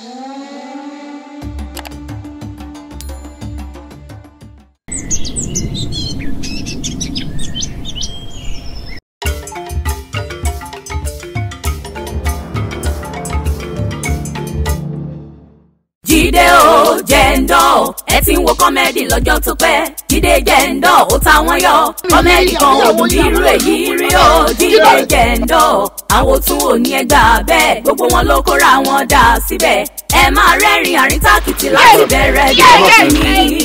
jíde o jẹ́ńdọ̀ ẹ ti ń wo kọ́mẹ́dì lọ́jọ́ tó pẹ́ jíde jẹ́ńdọ̀ ó ta wọ́n yọ kọ́mẹ́dì kan ò dùn bí irú èyí yóò dídé jẹ̀ńdọ̀ àwọn tún ò ní ẹgbàá bẹ́ẹ̀ gbogbo wọn ló kóra wọn dà síbẹ̀ ẹ máa rẹ́rìn àríntàkìtì láti bẹ̀rẹ̀ dìbò mi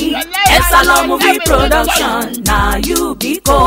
Esalon movie production na Yubiko.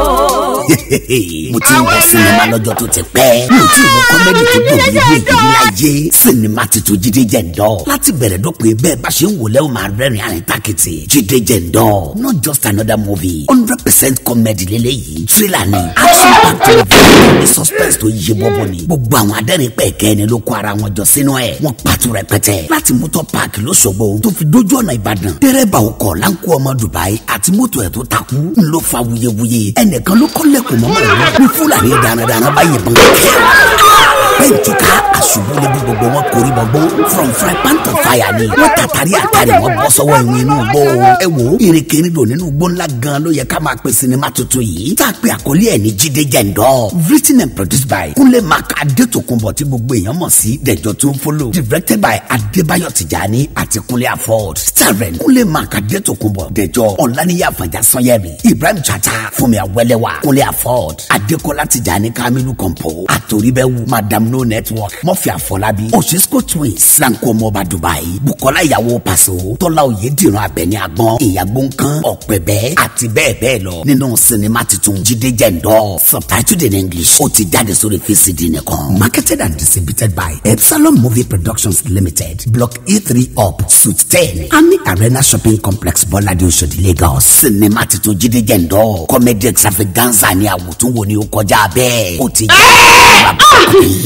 mo ti ń wọ sinimá lọ́jọ́ tó ti pẹ́ mi ò tí ì mú kọ́mẹ́dì tó gbòòrò ní ìdílé ayé sinimá titun jíde jẹ̀ndọ́ láti bẹ̀rẹ̀ dópin bẹ́ẹ̀ bá ṣe ń wò lẹ́wọ̀n máa rẹ́rìn àríntàkìtì jíde jẹ̀ndọ́ not just another movie hundred percent comedy lélẹ́yìí thriller ni action packed movie ní suspense tó yé bọ́bọ́ ni gbogbo àwọn adẹ́rìn pẹ̀kẹ́ ni ló kó ara wọn jọ sínú ẹ̀ wọ́n pàtó rẹpẹtẹ láti mọ́tò páàkì lọ́sọ̀gbọ̀ tó fi dójú ọ̀nà ìbàdàn dẹ́rẹ́bà ọkọ̀ láńkó ọmọ dubai àti mọ́tò ẹ̀ tó takú ńlọ fa wuyewuye ẹnìkan ló kọ́lẹ̀kùn mọ́mọ́ rẹ̀ ní fúlàní darandaran bá yìnbọn bẹ́ẹ̀ tuka àṣubú lẹ́bí gbogbo wọn kórè bọ̀gbọ́n from fry pan to fire ni wọ́n tàtàrí àtàrí wọn bọ́ sọ́wọ́ ìwìn inú gbọ́ ẹ wo ìrìnkèrè dò nínú gbọ́ ńlá gan ló yẹ ká máa pe sinimá tuntun yìí tá a pe àkọlé ẹ̀ ní jíde jẹ̀ndọ́ written and produced by kúnlé mark adétòkunbọ̀ tí gbogbo èèyàn mọ̀ sí dẹ̀jọ́ tó ń fọ́lọ̀ directed by adébá adébáyọ̀ tìjàní àti kúnlé afọ́d starren kúnlé mark adétòkunbọ̀ dẹjọ́ ọ̀làníyà àfàjà sanyẹ́mi ibrahim chata fúnmi awẹ́lẹ́wà kúnlé afọ́d adékọ́lá tìjàní kamilu kọ̀ǹpó àtòríbẹ́wù madam no network mọ́fì àfọlábí òṣìṣkò twins sanko mọba dubai bukola ìyàwó paṣọ tọ́lá òye dìran abẹ́ni agbọ́n ìyàgbọ́n kan ọ̀pẹ̀bẹ́ àti bẹ́ẹ̀ bẹ́ẹ̀ lọ nínú sinimá titun jíde jẹ́ndọ́ subtitled in english ó ti jáde sórí fcd nìkan marketed and distributed by epsilon movie productions limited block E3 up suite ten ami arena shopping complex bọ́ládé oṣòdì Lagos sinimá titun jíde jẹ̀ndọ́ comedy extravaganza ni àwòtúnwò ni ó kọjá bẹ́ẹ̀ ó ti jẹ́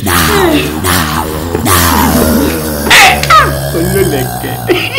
now now now. olólùkẹ́.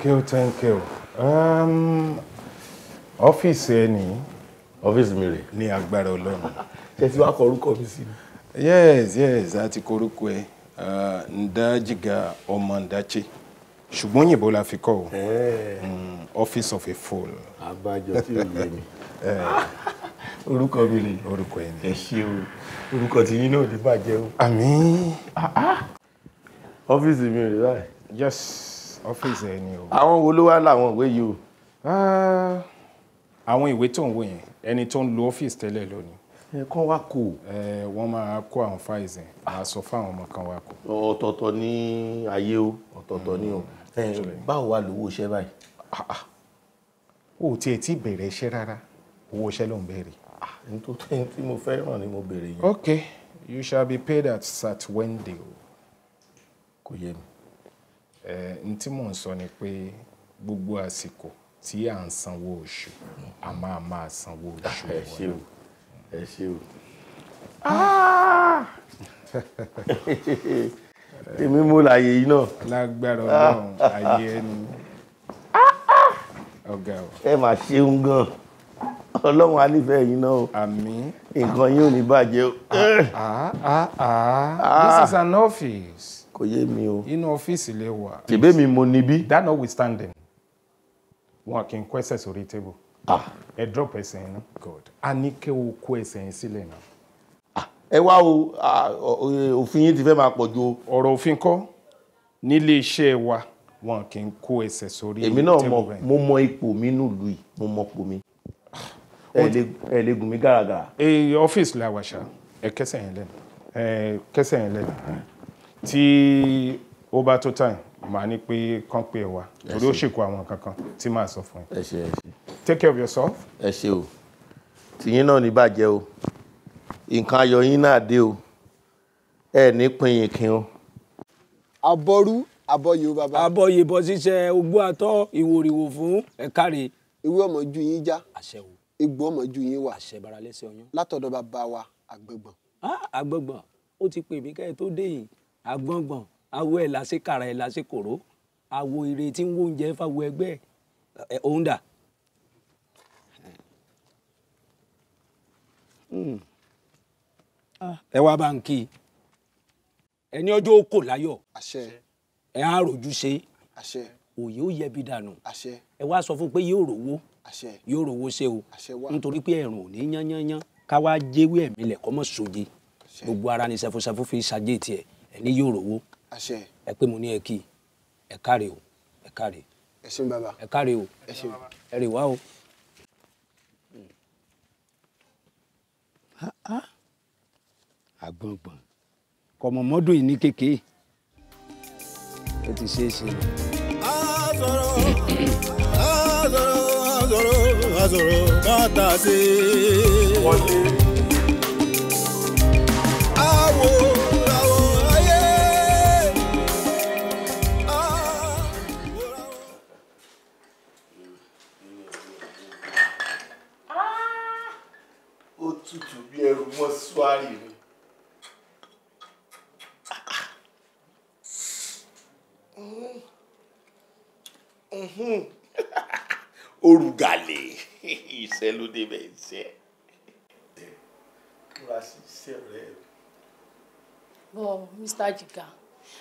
thank you, thank you. Um, ọ́fíìsì ẹ ní mi rè ní agbára ọlọ́run. ṣe ti wá kọ mi sí yes yes a ti uh, Ndajiga ọmọ Ndachi ṣùgbọ́n la fi kọ́ o mm, office of a fool. tí mi eh. orúkọ mi rè orúkọ ẹ o orúkọ tí yín náà ò ní bàjẹ́ o. Ah, ah. mi rè yes. ọ́fíìsì ẹ ni o. àwọn wo ló wá láwọn ìwé yìí o. Ah, àwọn ìwé tó ń wò yẹn ẹni tó ń lo ọ́fíìsì tẹ́lẹ̀ lónìí kọ́ wá kó. ẹ wọ́n máa kó àwọn fáìs ẹ̀ máa sọ fáwọn ọmọ kan wá kó. ọ̀tọ̀ọ̀tọ̀ ní ayé o ọ̀tọ̀ọ̀tọ̀ ní o báwo wá lówó iṣẹ́ báyìí. Ah, ah. o ò tiẹ̀ tí bẹ̀rẹ̀ iṣẹ́ rárá owó iṣẹ́ ló ń bẹ̀rẹ̀. nítorí tí mo fẹ́ràn ni mo bẹ̀rẹ̀ yẹn. ok you shall be paid at Satwende o. kò yé mi n tí mò ń sọ ni pé gbogbo àsìkò tí à ń sanwó oṣù a máa máa sanwó oṣù wọn. ẹ ṣé o ẹ ṣé o. Ah! èmi mú láàyè yìí náà. lágbára ah! ọlọ́run ayé ẹni ọ̀gá o. ẹ mà ṣeun gan ọlọ́run á nífẹ̀ẹ́ yín náà o. àmín. nǹkan yín ní bàjẹ́ o. Ah, this is an office kò yé mi o. inú ọ́fíìsì lè wà. tìbẹ́ mi mo níbí. that notwithstanding wọn kì í kó ẹsẹ̀ sórí table. ah ẹ drop ẹsẹ̀ yẹn náà. god a ní kí o kó ẹsẹ̀ yẹn sílẹ̀ náà. ah ẹ wá o e, òfin yín ti fẹ́ máa pọ̀ ju. ọ̀rọ̀ òfin kọ́ nílé iṣẹ́ wa wọn kì í kó ẹsẹ̀ sórí table. èmi náà mọ mo mọ ipò mi nílùú yìí mo mọ ipò mi ah, ẹ lè gùn mí gàràgàrà. Eh, ẹ ọ́fíìsì làwàṣà ẹ kẹsẹ̀ yẹn lẹ́nu ẹ eh, kẹsẹ̀ yẹn lẹ́nu tí ó bá tó time màá ní pé kán pé ẹ wá torí ó ṣèkó àwọn kankan tí màá sọ fún ẹ. ẹ ṣe ẹ ṣe. take care of yourself. ẹ ṣe o tìyín náà ní bàjẹ́ o nǹkan ayọ̀ yín náà dé o ẹ ní pin ìkin o. àbọrú àbọyè o bàbá. àbọyè bọ ṣíṣe ogbó àtọ ìwòrìwò fún ẹ̀ka rẹ̀. ewé ọmọ ju yín já egbò ọmọ ju yín wà. àṣẹ baralẹ́sẹ̀ ọyún. látọ̀dọ̀ bàbá wa àgbẹ̀gbọ̀n. àgbẹ̀gbọ̀n ó ti pè mí kẹ́ ẹ tó dé yìí agbọ̀ngbọ̀n awo ẹ̀ lásì kàrà ẹ̀ lásì kòró awo ire tí ń wo oúnjẹ fáwo ẹgbẹ́ ẹ̀ òun dà. Hmm. ẹ wá bá ń kí i ẹni ọjọ́ ó kò láyọ̀ ẹ á rojú ṣe òye ó yẹbi dànù ẹ wá sọ fún pé yóò rówó yóò rówó ṣe o nítorí pé ẹ̀rùn ò ní yán yán yán ká wá jẹ́wé ẹ̀mí lẹ̀ kọ́mọ́ sóje gbogbo ara ni sẹfúnsẹfún fi ṣàjẹ́ tiẹ̀ ẹni yóò rówó ẹ pé mo ní ẹ kí ẹ káre o ẹ káre ẹ ṣeun bàbá ẹ káre o ẹ ṣeun ẹ rè wá o. àgbọ̀ngbọ̀n kọ̀mọ̀mọ́dún yìí ní kékeré ó ti ṣeé ṣe. azọrọ azọrọ azọrọ azọrọ bàtà sí i. ẹrù mọ́ṣúárì ni. orugale iṣẹ́ ló débẹ̀ iṣẹ́. múra sí iṣẹ́ rẹ. bọ Mr. Jiga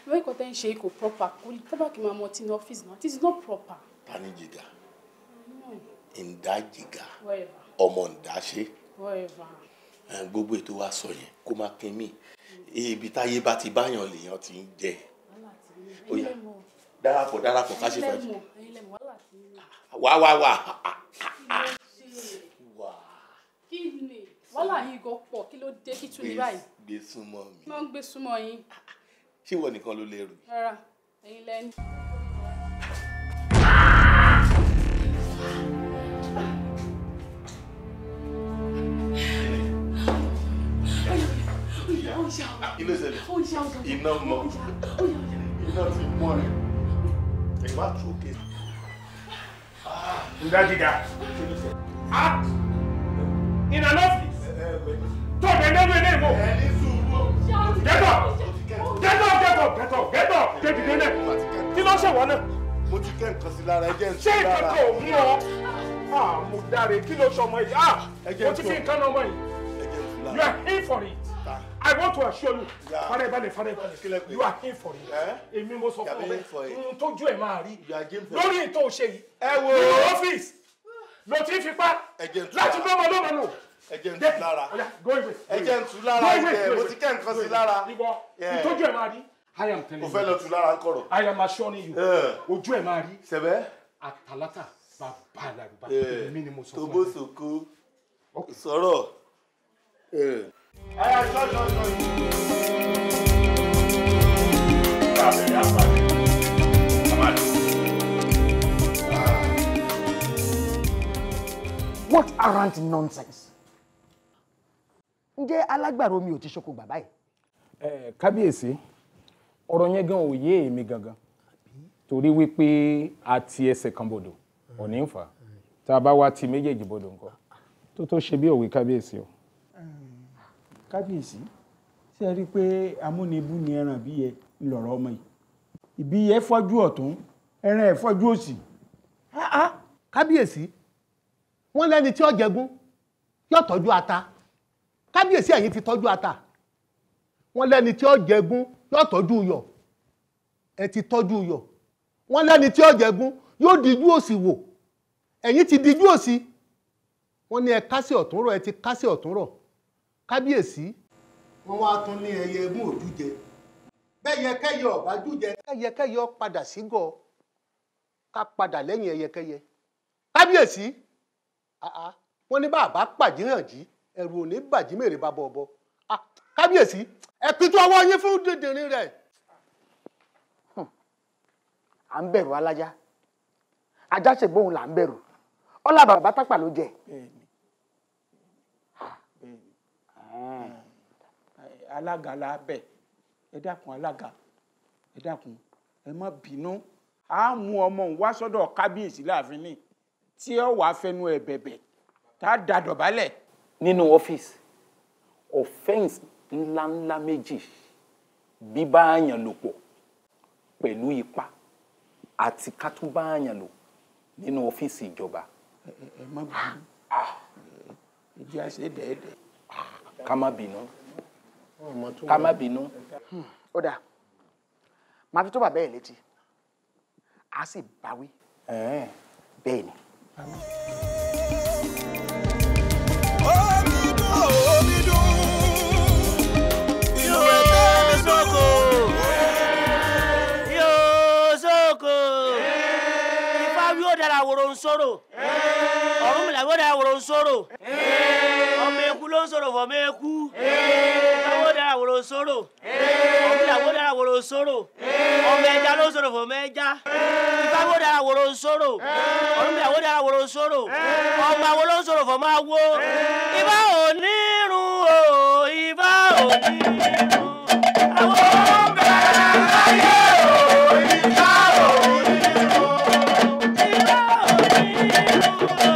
lóríkọ tẹ́ ń ṣe proper kò ní tábàkì máa mọ tí ní ọ́fíìsì náà this is not proper. tani Jiga ǹdá hmm. Jiga ọmọ ǹdá whatever gbogbo ètò wa sọ yẹn kó má pin mí ibi táyé bá ti báyàn lèèyàn ti ń jẹ ó yá darapọ̀ darapọ̀ fàájì wá wá wá wá. kí ni pọ̀ kí ló dé kí ní báyìí. gbé súnmọ́ mi. wọ́n gbé súnmọ́ yín. ṣé ìwọ nìkan ló lè rù. rárá ẹ̀yin lẹ́nu. iná mọ iná ti mọ rẹ ìwà sókè. ǹdájídá in an office tó bẹ nínú ilé ìwò get up get up get up get up get up get dìde náà kí ló ṣèwọ náà. mo ti kẹ́ nǹkan sí lára ẹ̀jẹ̀ ń sí lára. ṣé ìkẹ́kọ̀ọ́ ò mú ọ ah, mo dáre kí ló ṣọmọ yìí ah, mo ti fi nǹkan náà mọ̀ yìí you are in for it want to assure you fara ẹ balẹ̀ fara you are in for it eh? èmi mo sọ fún ọ n tójú ẹ máa rí lórí ìtò òṣè yìí nínú ọ́fíìsì ló ti fipá láti lọ́mọ lọ́mọ nù ẹjẹ ń tu lára ẹjẹ ń tu lára ẹjẹ mo ti kẹ́ nǹkan sí lára ìtọ́jú ẹ̀ máa rí i am telling you o fẹ́ lọ tu lára kọ̀rọ̀ i am assuring you eh. ojú ẹ̀ máa rí Atalata. àtàlátà bàbá àlàrúbá eh. èmi ni mo sọ fún ẹ. tobosoko sọ̀rọ̀. What arrant nonsense? Ǹjẹ́ alágbàro mi ò ti ṣoko bàbá yìí? kábíyèsí, ọ̀rọ̀ yẹn gan ò yé èmi gangan. Torí wípé a ti ẹsẹ̀ kan bodò, òní ń fà. Tá a bá wá ti méjèèjì bodò nǹkan. Tó tó ṣe bí òwe kábíyèsí o. kábíyèsí ṣé ẹ rí i pé amúnibú ni ẹran bí yẹ ńlọrọ ọmọ yìí ìbí yẹ fọ́jú ọ̀tún ẹran ẹ̀ fọ́jú òsì. kábíyèsí wọ́n lẹ́ni tí ó jẹgún yóò tọ́jú ata kábíyèsí ẹ̀yin ti tọ́jú ata wọ́n lẹ́ni tí ó jẹgún yóò tọ́jú yọ̀ ẹ ti tọ́jú yọ̀ wọ́n lẹ́ni tí ó jẹgún yóò dijú òsì wò ẹ̀yin ti dijú òsì wọ́n ní ẹ kásẹ̀ ọ̀tún rọ̀ ẹ ti kásẹ̀ ọ̀tún rọ̀ kábíyèsí. wọ́n wá tún ní ẹyẹ mú òjújẹ bẹ́yẹkẹ́yẹ ọ̀bá jújẹ. kẹ́yẹkẹ́yẹ padà sígọ̀ ká padà lẹ́yìn ẹyẹkẹ́yẹ kábíyèsí wọ́n ní bàbá pàjírànjì ẹ̀rù ò ní bàjí mèrè bàbá ọ̀bọ kábíyèsí ẹ pitú ọwọ́ yín fún dèdèrè rẹ̀. à ń bẹ̀rù alájá ajá ṣègbóhùn là ń bẹ̀rù ọlá bàbá tápà ló jẹ. Mm. Eh, alága la bẹ̀ ẹ dákun alága ẹ dákun ẹ má bínú a mú ọmọ òun wá sọ́dọ̀ kábíyèsí láàfin ni tí ó wàá fẹnu ẹ bẹ̀bẹ̀ tá a da dọ̀bálẹ̀. nínú ọ́fíìsì ọ̀fẹ́ǹsì ńláńlá méjì bíbá àyàn lò pọ̀ pẹ̀lú ipá àti ká tún bá àyàn lò nínú ọ́fíìsì ìjọba. ẹ má bínú ah. ẹ àṣẹ dẹ́ẹ́dẹ́ẹ́ ká má bínú ká má bínú. ó hmm. dáa màá fi tó bàbá ẹ̀ létí a sì báwí bẹ́ẹ̀ ni. omi dùn omi saboda wurin soro ọmọ eku ló ń sọ̀rọ̀ fọmọ eku saboda wurin soro ọmọ saboda wurin soro ọmọ ẹja ló ń sọ̀rọ̀ fọmọ ẹja saboda wurin soro ọmọ saboda wurin soro ọmọ awo ló ń sọ̀rọ̀ fọmọ awo ibà onírun o ibà onírun awo.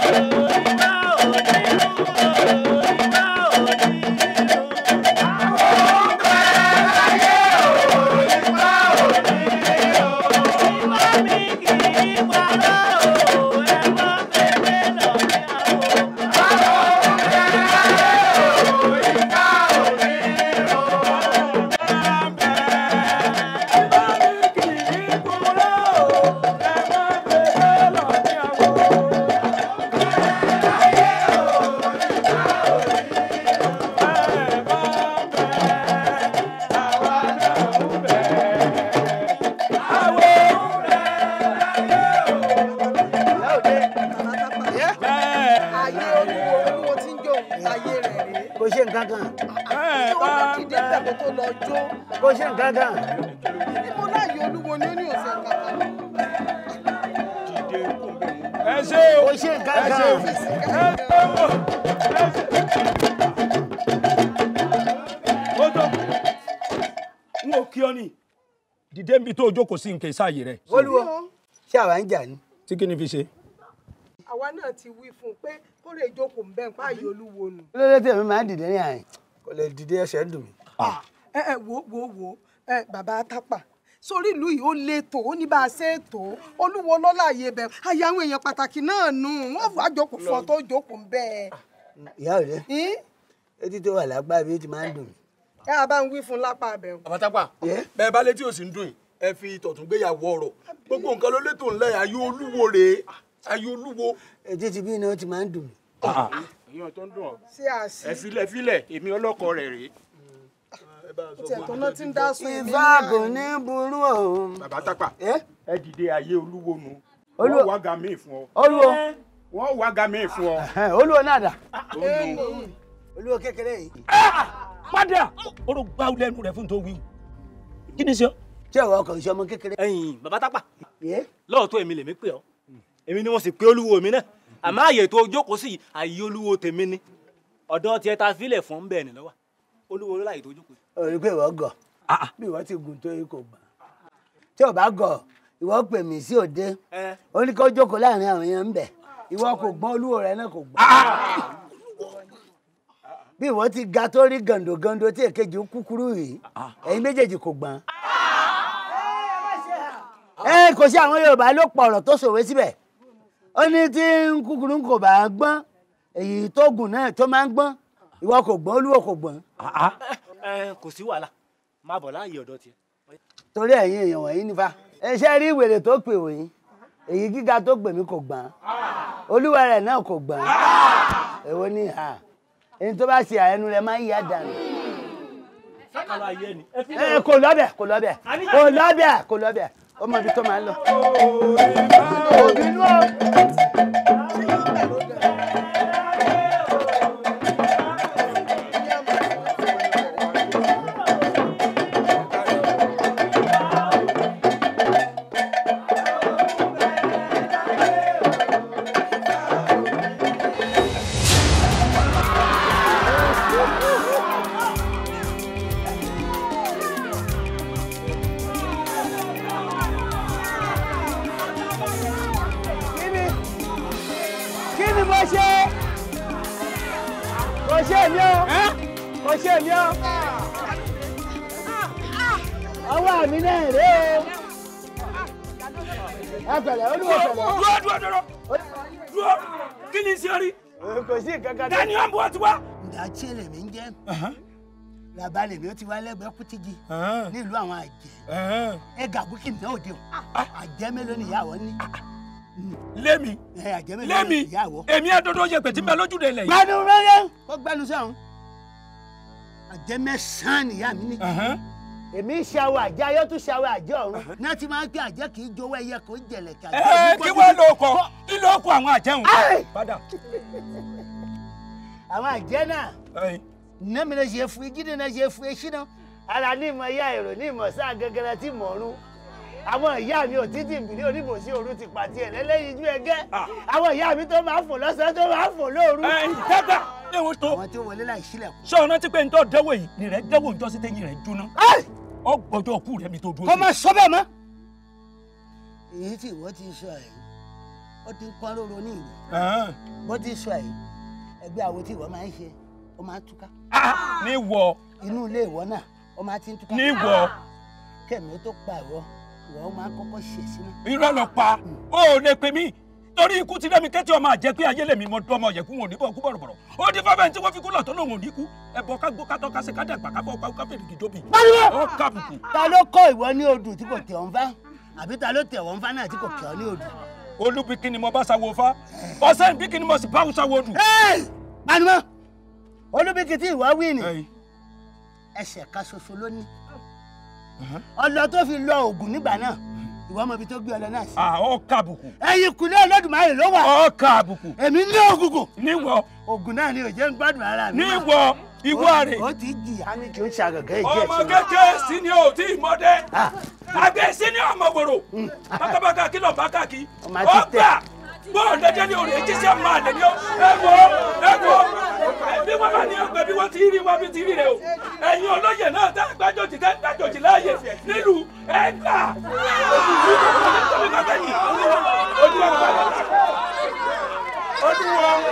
Thank you. jókòó sí nǹkan ìsáàyè rẹ. olúwo ṣé àwa ń jà ni. tí kí ni fi ṣe. àwa náà ti wí fún un pé kó lè jókòó nbẹ nípa ààyè olúwo nù. lórí tí èmi máa ń dìde ní àyìn kò lè dìde ẹsẹ̀ ń dùn mí. Ah. ẹ ẹ wo wo wo ẹ bàbá tápà sórí ìlú yìí ó lè tó ó ní bá a ṣe é tó olúwo lọ́la àyè bẹ̀ àyà àwọn èèyàn pàtàkì náà nù wọ́n fà á jókòó fún ọ tó jókòó ń bẹ́ẹ̀. ìyá òde etí tó wà lágbá bí ó ti máa ń dùn ẹ bá ń wí fún lápá abẹ àbátápà bẹ́ẹ̀ bá létí ò sí ń dùn yìí ẹ fi tọ̀tún gbéyàwó ọ̀rọ̀ gbogbo nǹkan ló létò ńlẹ̀ ayé olúwo rèé ayé olúwo. ètò ti bí iná ti máa ń dùn mí. ìyẹn ah, ah. ah, tó ń dùn ọ ẹfilẹ filẹ èmi ọlọkọ rẹ rèé. ìfàbò ní burú o. bàbá tápà ẹ dìde ayé olúwo nu wọn wá ga míì fún ọ. olúwo wọn wá ga míì fún ọ. olúwo náà dà. olúwo kékeré yìí. padà orò gbáwó lẹ́nu rẹ̀ fún tó wí kí ni sọ ṣé ìwọ ọkọ ìṣe ọmọ kékeré. ẹyin bàbá tápà lóòótọ́ èmi lèmi pè ọ́ èmi ni wọ́n sì pé olúwo mi náà àmọ́ àyè tó jókòó sí àyè olúwo tèmi ni ọ̀dọ́ tiẹ̀ ta fílẹ̀ fún ń bẹ̀ ni lọ́wọ́ olúwo ló láyè tó jókòó. òye pé ìwọ gọ̀ ah, ah. bí ìwọ ti gùn tó yẹ kó gbà tí ò bá gọ̀ ìwọ pè mí sí òde ó ní kó jókòó láàrin àwọn èèyàn ń bẹ̀ ìwọ kò gbọ́n olúwo rẹ náà kò gbọ́n ah, bí ìwọ ti ga tó rí gàǹdògàǹdò tí èkejì kúkúrú yìí ẹ̀yin méjèèjì kò gbọ́n ẹ kò sí àwọn Yorùbá ló pọ̀ ọ̀rọ̀ tó sòwe síbẹ̀ ó ní tí kúkúrú kò bá gbọ́n èyí tó gùn náà tó máa ń gbọ́n ìwọ kò gbọ́n olúwo kò gbọ́n. Ah, ah. kò sí wàhálà máa bọ̀ láàyè ọ̀dọ̀ tiẹ̀. torí ẹ̀yin èèyàn wọ̀nyí nífa iṣẹ́ rí wèrè tó pè wòyí èyí gíga tó pè mí kò gbọ́n olúwa rẹ̀ náà kò gbọ́n èwo ni ha ẹni tó bá ṣe àẹnu rẹ̀ máa ń yá dànù kò lọ́bẹ̀ kò lọ́bẹ̀ kò lọ́bẹ̀ kò lọ́bẹ̀ ọmọ ibi tó máa ń lọ. òbí náà. tí lèmi ń jẹ́ làbá lèmi ó ti wá lẹ́gbẹ̀ẹ́ kútígi nílùú àwọn àjẹ́ ẹ gàbúkì náà òde o ah, ah. àjẹ́ mélòó nìyàwó ní ah, hmm. lémi lémi èmi adodo yẹ pẹtí mbẹ lójú de lẹ. gbanu rẹyẹ kó gbanu sọhún àjẹmẹsán nìyá mi ni. èmi ṣàwọ àjẹ ayọtún ṣàwọ àjẹ ọ̀run. náà ti máa ń pẹ àjẹ kì í jowó ẹyẹ kò jẹlẹ kí. ẹ kí wọ́n lò kí ló àwọn àjẹun. padà àwọn àjẹ́ náà nẹ́mi lè ṣe fún jíde náà ṣe fún eṣí náà ara ní ìmọ̀ ìyá èrò ní ìmọ̀ sáà gẹ́gẹ́rẹ́ tí mò ń rún àwọn ìyá mi ò títí ìbílẹ̀ oníbòsí òru ti pàtí ẹ̀ lẹ́lẹ́yinjú ẹgẹ́ àwọn ìyá mi tó máa ń fò lọ́sàn tó máa ń fò lóru. ẹ dábàá ní ewu tó. àwọn tí ó wọlé láì sílẹ̀. ṣé ọ̀nà ti pé ń tọ́ dẹ́wò yìí ni rẹ̀ dẹ́wò ń tọ́sí tẹ́yìn rẹ̀ jóná. ọ gbọ́dọ̀ kú mi tó dúró. kọ́ máa sọ bẹ́ẹ̀ mọ́. èyí tí ìwọ ti sọ yìí ó ti pọ́n lóró ní ìlú bó ti sọ yìí ẹgbẹ́ àwo tí ìwọ máa ń ṣe ó máa ń túká. Ah, ní ìwọ. inú ilé ìwọ náà ó máa ti ń túká. ní ìwọ. Ah! kẹ̀mí ó tó pa ìwọ ìwọ ó máa kọ́kọ́ ṣe sínú. irọ́ ló pa hmm. ó lè pè mí torí ikú ti rẹ́mi kẹ́tí ọmọ àjẹ́ pé ayé lèmi mọ dún ọmọ yẹ̀kú wọn ò ní bọ̀ kú bọ̀rọ̀bọ̀rọ̀ ó di fáfẹ́ tí wọ́n fi kú lọ̀ tó lòun ò ní kú ẹ̀bọ ká gbó kátọ́ kásẹ̀ ká dàgbà káfọ́ ká káfẹ́ ìdìgì dóbi. ó kàbùkù. ta ló kọ́ ìwọ ní odù tí kò tẹ̀ ọ́n fá àbí ta ló tẹ̀ ọ́n fá náà tí kò kẹ́ ọ ní odù olúbi kí ni mo bá ṣàwo fa ọ̀sẹ̀ ìbí kí ni mo sì bá ṣàwo dù. panumọ olúbi kìtì ìwà wí ni ẹsẹ̀ kan ṣoṣo ló ní ọlọ tó fi lọ ògùn nígbà náà ìwọ ọmọ ibi tó gbé ọlọ náà sí. ọ ká àbùkù. ẹ̀yin kùlé ló wà. ọ ká èmi ní ògùnkùn. níwọ. ògùn náà ni ò jẹ́ ń gbádùn ara mi. níwọ ìwọ rẹ̀. ó ti jìyà ni kì í ṣe àgàgà ìjẹ́ ìṣẹ́. ọmọ kékeré sí ni o tí ì mọdẹ. Ah. àgbẹ̀ sí ni ọmọ gbòòrò. pátápátá hmm. kìlọ̀ bá káàkiri. ó gbà bọ́ọ̀lù dẹ́jẹ́ ni òrè jíṣẹ́ máa lè ní ọ́ ẹ̀wọ̀ ẹ̀wọ̀ bí wọ́n bá ní ọgbẹ́ bí wọ́n ti rí wọ́n fi ti rí rẹ̀ o ẹ̀yin olóyè náà tá gbàjọ́jì tẹ́ gbàjọ́jì láàyè nílùú ẹ̀gbà olùwà olùwà olùwà.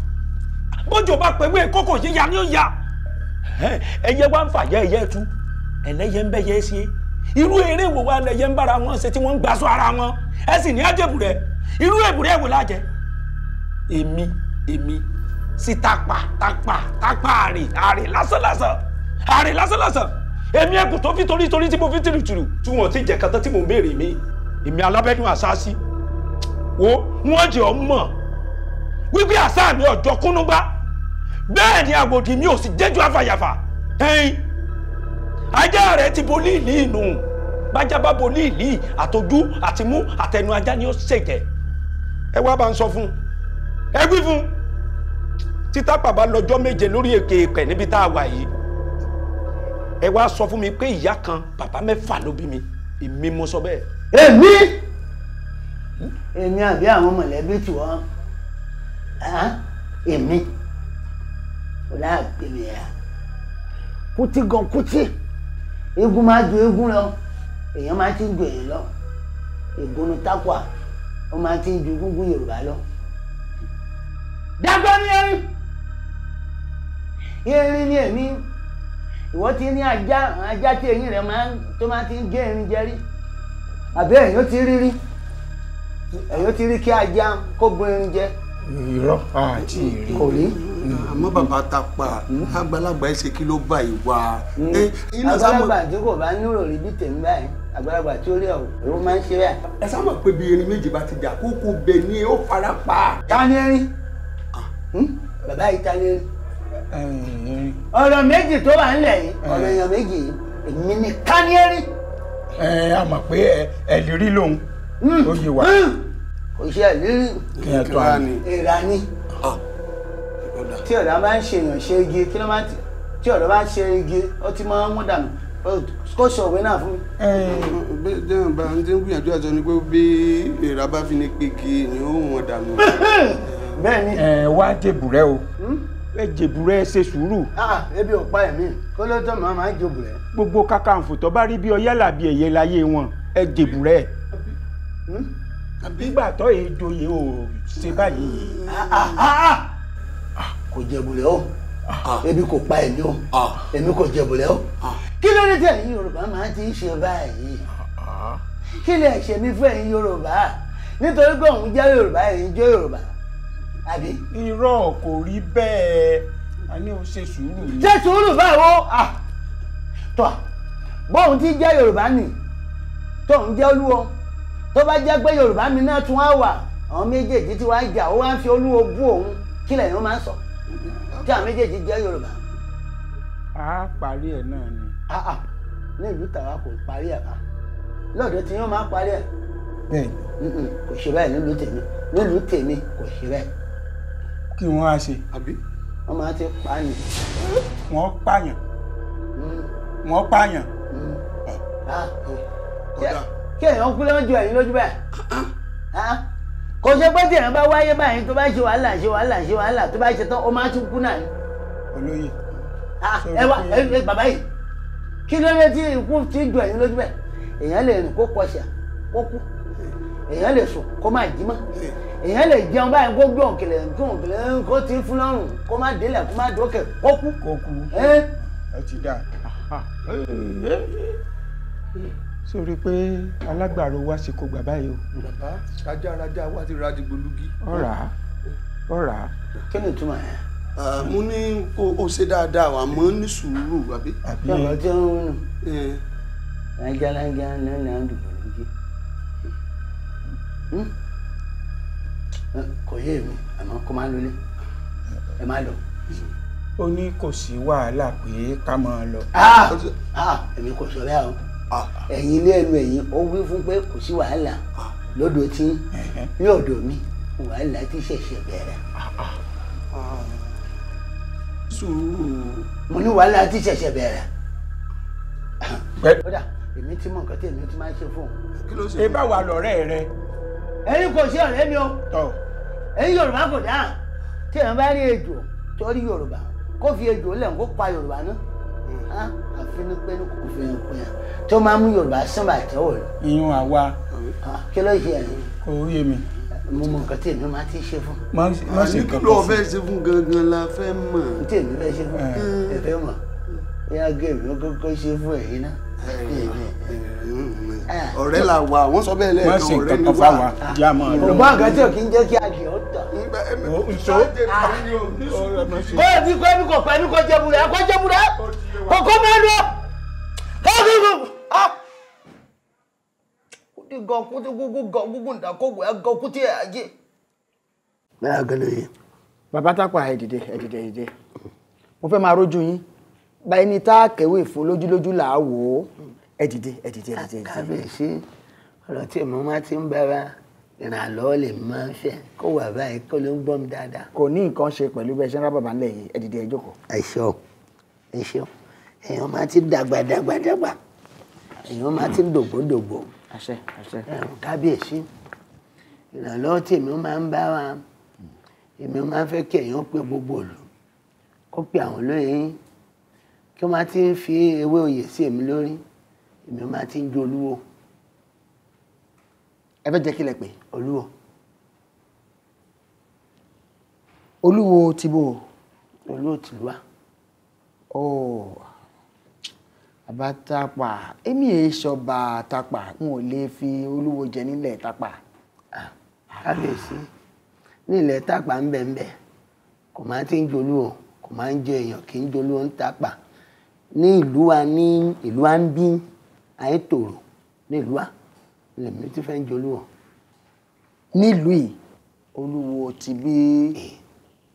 bójú bá pẹ̀lú ìkókò yíya ni ó ya ẹyẹ wá ń fàyẹ ẹyẹ tú ẹlẹ́yẹ ń bẹ́yẹ ṣe irú eré wo wa lẹyẹ ń bára wọn ṣe tí wọ́n ń gbaṣọ ara wọn ẹ sì ní àjẹbùrẹ́ irú èbùrẹ́ wò lájẹ èmi èmi sí tapa tapa tapa àrè àrè lásánlásán àrè lásánlásán èmi ẹkùn tó fi torí torí tí mo fi tìrùtìrù tí wọn ti jẹ kàtà tí mo béèrè mi èmi alábẹ́nu àṣáṣí wo wọ́n jẹ́ ọ mọ̀ wípé àṣà mi ọjọ́ kúnnúgbá bẹ́ẹ̀ ni àgbòdì mi ò sì jẹ́jú àfàyàfà ẹ̀yìn ajá rẹ̀ ti bo líìlì inú bájá bá bo líìlì àtọjú àtìmú àtẹnu ajá ni ó ṣèjẹ ẹ wá bá ń sọ fún ẹ wí fún títà bàbá lọ́jọ́ méje lórí èké ìpẹ̀ níbi tá a wà yìí ẹ wá sọ fún mi pé ìyá kan bàbá mẹ́fà ló bí mi èmi mo sọ bẹ́ẹ̀. èmi èmi àbí àwọn mọ̀lẹ́bí tí wọ́n. Emi? ọ̀la àgbèrè à kútí gan kútí eégún máa ju eégún lọ èèyàn ma ti ń ju èèyàn lọ ègbónú takwa ó máa ti ju gúngún Yorùbá lọ. dágbọ́n ni erin erin ni èmi ìwọ ti ní ajá ajá tí eyín rẹ máa tó máa ti ń gé erin jẹrí àbí èèyàn ti rí rí èèyàn ti rí kí ajá kó bo erin jẹ. irọ́ àti ìrìn kò rí. Hmm. àmọ́ bàbá ta pa hmm. àgbàlagbà ẹ̀ ṣe kí ló bá ìwà. Hmm. Eh, àgbàlagbà tí kò bá nírò rí bí tèmi báyìí àgbàlagbà tí ó rí ọ̀rọ̀ máa ń ṣe bẹ́ẹ̀. ẹ sábà pé bí erin méjì bá ti jà kókó bẹ ni ó fara pa. ta ni erin ah. bàbá yìí ta ni erin. ọ̀rọ̀ méjì tó wà nílẹ̀ yìí ọ̀rọ̀ èèyàn méjì yìí èmi ni ká ni erin. ẹ a mọ̀ pé ẹ lè rí lòun ó yé wa òṣìṣẹ́ ìlérí ìrani tí ọ̀dà bá ń ṣe èèyàn ṣe igi kí ló máa ti tí ọ̀dà bá ń ṣe igi ó ti máa ń mú dànù kó ṣe òwe náà fún mi. bẹ́ẹ̀ jẹun bá ń dín gbìyànjú àjọ ni pé bí èèrà bá fi ni pèkì ni ó wọn dànù. bẹ́ẹ̀ ni. ẹ wá jèbù o hmm? ẹ jèbù rẹ ṣe sùúrù. Ah, ah, ebi ò pa ẹ̀mí kó ló tọ́ màá máa jòbù rẹ. gbogbo kàkàǹfò tó bá rí bí ọyá làbí ẹ̀yẹ láyé wọn ẹ jèbù rẹ. Hmm? nígbà tó yẹ joyè o ṣe báyìí. Ah, kò jẹ̀bùlẹ̀ o ah. Ah, ebi kò pa èmi o èmi kò jẹ̀bùlẹ̀ o kí ló dé tẹ̀yìn yorùbá máa ti ń ṣe báyìí kí lè ṣe mí fún ẹ̀yin yorùbá nítorí pé òun jẹ́ yorùbá ẹ̀yin jẹ́ yorùbá àbí. irọ́ kò rí bẹ́ẹ̀ a ní o ṣe sùúrù. ṣe sùúrù báwo tọ́ bóun ti jẹ́ yorùbá nì tóun jẹ́ olúwo tó bá jẹ́ pé yorùbá mi náà tún wá wà àwọn méjèèjì tí wàá jà ó wá ń fi olúwo bú òun kílẹ̀ ni wọ́n máa ń sọ tí àwọn méjèèjì jẹ́ yorùbá. a parí ẹ̀ náà ni. ní ìlú tàwa kò parí ẹ̀ bá lọ́dọ̀ tí yóò máa parí ẹ̀. bẹ́ẹ̀ni. kò ṣe bẹ́ẹ̀ nílùú tèmi nílùú tèmi kò ṣe bẹ́ẹ̀. kí wọ́n á ṣe. àbí. wọ́n máa ti pààyàn. wọ́n pààyàn. Mm. wọ́n pààyàn. Mm. Ah. Ah, eh. kódà kí èèyàn kú lọ́jọ́ ẹ̀yìn lójú bẹ́ẹ̀ ah, ah. kò ṣe pé tí èèyàn bá wáyé báyìí tó bá ṣe wàhálà ṣe wàhálà ṣe wàhálà tó bá ṣe tán ó máa tún kú náà ni. olóyè ah, ẹ wá ẹ bàbá yìí kí ló dé tí ikú ti ju ẹ̀yìn lójú bẹ́ẹ̀ èèyàn lè rìn kó kọṣà kó kú èèyàn lè sùn kó má jí mọ́ èèyàn lè jẹun báyìí kó gbé òkèlè kó òkèlè kó ti fún lọ́rùn kó má délẹ̀ kó má dókè kó kú. kó kú ẹ ti dà sórí pé alágbàro wa sì kó gbà báyìí o. bàbá rajaraja wa ti ra dìgbòlugi. ọ̀rà ọ̀rà. kí ni ìtumọ̀ yẹn. mo ní kó o ṣe dáadáa wà mọ́ ní sùúrù àbí. àbí ọ̀rọ̀ tí wọ́n ń wọnú. rajaraja náà náà dìgbòlugi. kò yé mi àmọ́ kó má lólé ẹ má lọ ó ní kò sí wàhálà pé ká máa lọ. Ah! Ah! èmi kò sọ bẹ́ẹ̀ o ẹ̀yin ilé ẹnu ẹ̀yin ó wí fún pé kò sí wàhálà lọ́dọ̀ tí ní ọ̀dọ̀ mi wàhálà ti ṣẹ̀ṣẹ̀ bẹ̀rẹ̀. sùúrù. mo ní wàhálà ti ṣẹ̀ṣẹ̀ bẹ̀rẹ̀. kódà èmi ti mọ nǹkan tí èmi ti máa ń ṣe fún un. ṣe bá wà lọ́rẹ́ rẹ. ẹ̀yin kò sí ọ̀rẹ́ mi o. ẹ̀yin yorùbá kò dáa tí èèyàn bá rí ejò tó rí yorùbá kó fi ejò lẹ̀ kó pa yorùbá náà àfinúpẹ́nu kò fi hàn tó máa mú yorùbá sàn bàtẹ́ wò lọ. àwa. kí ló yẹ ẹ̀yin. kò yé mi. mo mọ nǹkan tí èmi máa ti ṣe fún. má ṣe nǹkan fún. àní kí ló fẹ́ ṣe fún gangan la fẹ́ mọ̀. n tí èmi fẹ́ ṣe fún eh. ẹ fẹ́ mọ̀ bóyá géèmù ló kọ́kọ́ ṣe fún ẹ̀yin náà. Eh, eh. ọ̀rẹ́ la wà wọ́n sọ bẹ́ẹ̀ lẹ́ẹ̀kan ọ̀rẹ́ ni wà. ògbọ́n ah, àgbà tí ò kí ń jẹ́ kí àgbẹ̀ ó tọ̀. kó kọ́ ẹni kò pẹ́ ẹni kò jẹ́ burẹ́ kó jẹ́ burẹ́ kòkó mẹ́nu ọ́ kuti gan kuti gugu gan gugu nda ko wẹ́ gan kuti ẹ̀ ajé. náà gẹ́lẹ́ yìí. bàbá tápà ẹ dìde ẹ dìde ẹ dìde mo fẹ́ máa rójú yín báyìí ni tá a kẹ̀wé ìfún lójúlójú là á wò ó ẹ dìde ẹ dìde ẹ dìde. kábíyèsí ọ̀rọ̀ tí mo máa ti ń bára ìrànlọ́wọ́ lè máa ń fẹ́ kó wà báyìí kó ló ń gbọ́ mi dáadáa. kò ní nǹkan ṣe pẹ̀lú bẹ́ẹ̀ ṣe ń rá bàbá ńlẹ̀ yìí ẹ dìde ẹ jókòó. ẹ ṣeun ẹ ṣeun èèyàn máa ti dàgbà dàgbà dàgbà èèyàn máa ti dògbò dògbò àṣẹ àṣẹ kábíyèsí ìrànlọ́wọ́ tèmi máa ń bá wa èmi máa ń fẹ́ kí èèyàn pé gbogbo òlù kó pe àwọn olóyè kí wọ́n máa ti ń fi ewé oyè sí èmi lórí èmi máa ti ń jẹ olúwo. ẹ fẹ́ jẹ́ kí lẹ pè olúwo. olúwo tìbò. olúwo tìlúwa. ooo. Oh àbátapà èmi èé e ṣọba tapà n ò lè fi olúwo jẹ nílẹ̀ tapà. Ah, kábíyèsí nílẹ̀ tapà ń bẹ̀ ń bẹ̀ kò máa ti ń jolú o kò máa ń jẹ èèyàn kì í jolú ń tapà ní ìlú wa ní ìlú wa ń bí àìtòrò ní ìlú wa lèmi ti fẹ́ ń jolú o. nílùú yìí olúwo ti bí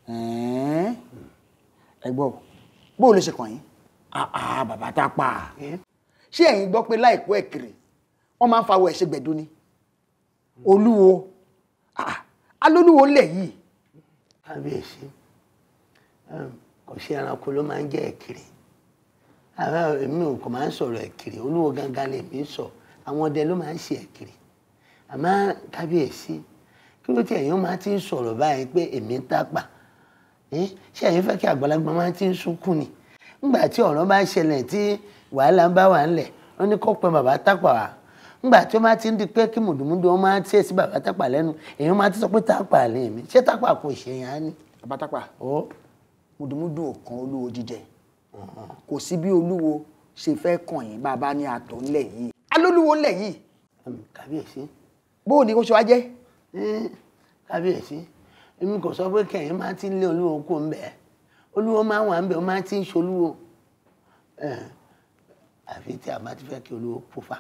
ẹ̀ẹ́n eh. ẹ̀gbọ́n bó o lè ṣe kàn yín àà ah, ah, bàbá tá a pa ṣé ẹ̀yin gbọ́ pé láìpẹ́ ẹ̀kìrì wọ́n máa ń fawọ ẹ̀ṣẹ̀ gbẹ̀dú ni olúwo alólúwo ah, ńlẹ̀ yìí. kábíyèsí um, kò sí ẹranko ló máa ń jẹ́ ẹ̀kìrì àwọn èmi ò kò máa ń sọ̀rọ̀ ẹ̀kìrì olúwo gangan lèmi sọ àwọn ọdẹ ló máa ń ṣe ẹ̀kìrì àmọ́ kábíyèsí kí ló ti ẹ̀yin máa ti ń sọ̀rọ̀ báyìí pé èmi ń tápà ṣé ẹ̀yin fẹ́ kí àgbàlagbà máa ti ń sunkún ni ńgbà tí ọ̀rọ̀ bá ń ṣẹlẹ̀ tí wàhálà ń bá wà ńlẹ̀ wọ́n ní kó pẹ́ bàbá tápà wá ńgbà tí ó máa ti ń di pé kí mùdùmùdù wọn máa ń tiẹ̀ sí bàbá tápà lẹ́nu èèyàn máa ti sọ pé tápà lè mí ṣé tápà kò ṣe yàn á ní. bàbá tápà mùdùmùdù ò kan olúwo jíjẹ kò sí bí olúwo ṣe fẹ́ kàn yín bàbá ní àtọ̀ ńlẹ̀ yìí alólúwo ńlẹ̀ yìí. kàbíyèsí. bó o ní kó ṣe wá jẹ́. kàbíyèsí èmi kò sọ pé kẹ̀yìn máa ti ń lé olúwo kó ń bẹ̀ẹ́ olúwo máa wà ń bẹ̀ ó máa ti ń ṣolúwo àfi tí a bá ti fẹ́ kí olúwo kú fa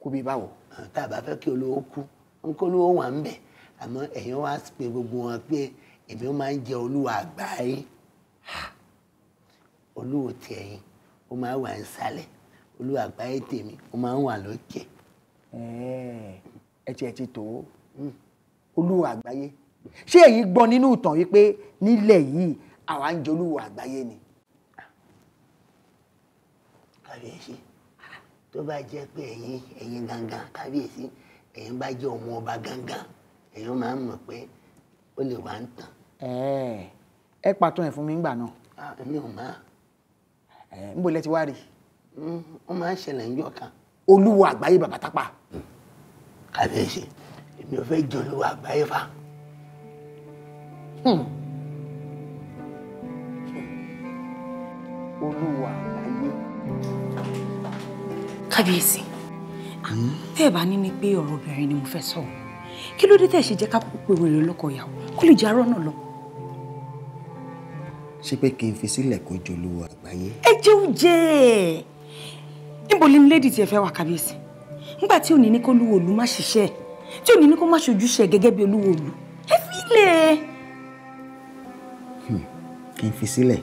kú bí báwo tá a bá fẹ́ kí olúwo kú ń kó olúwo wà ń bẹ̀ àmọ́ ẹ̀yin wá pe gbogbo wọn pé èmi máa ń jẹ olúwa àgbáyé olúwo ti ẹ̀yin ó máa wà ń sálẹ̀ olúwa àgbáyé tèmi ó máa ń wà lókè. ẹ tiẹ̀ ti tó hmm. olúwa àgbáyé ṣé èyí gbọ́ nínú ìtàn wípé nílẹ̀ yìí àwa ń jolúwo àgbáyé ni. kábíyèsí tó bá jẹ́ pé ẹ̀yin ẹ̀yin gangan kábíyèsí ẹ̀yin bá jẹ́ ọmọ ọba gangan ẹ̀yin máa ń mọ̀ pé ó lè wá ń tàn. ẹ pàtó ẹ̀ fún mi ńgbà náà. mi ò máa. níbo lẹ ti wá rí. Hmm, ó máa ń ṣẹlẹ̀ níjọ́ kan. olúwo àgbáyé bàbá tápà. Hmm, kábíyèsí èmi ò fẹ́ jolúwo àgbáyé fa. Hmm. olúwa àgbáyé. kábíyèsí hmm? tẹ́ ẹ̀ bá ní ni pé ọ̀rọ̀ obìnrin ni mo fẹ́ sọ kí ló dé tẹ́ ẹ̀ ṣe jẹ́ ká pé wèrè lọ́kọ ìyàwó kó lè jẹ́ arọ́nà lọ. ṣé pé kí n fi sílẹ̀ kó jolówó àgbáyé. ẹ jẹun jẹ níbo ni lady tiẹ̀ fẹ́ wà kábíyèsí nígbà tí ò ní ní kó lúwo òlu má ṣiṣẹ́ tí ò ní kó má ṣojúṣe gẹ́gẹ́ bí olúwo òlu ẹ fi lẹ̀. Hmm. kí n fi sílẹ̀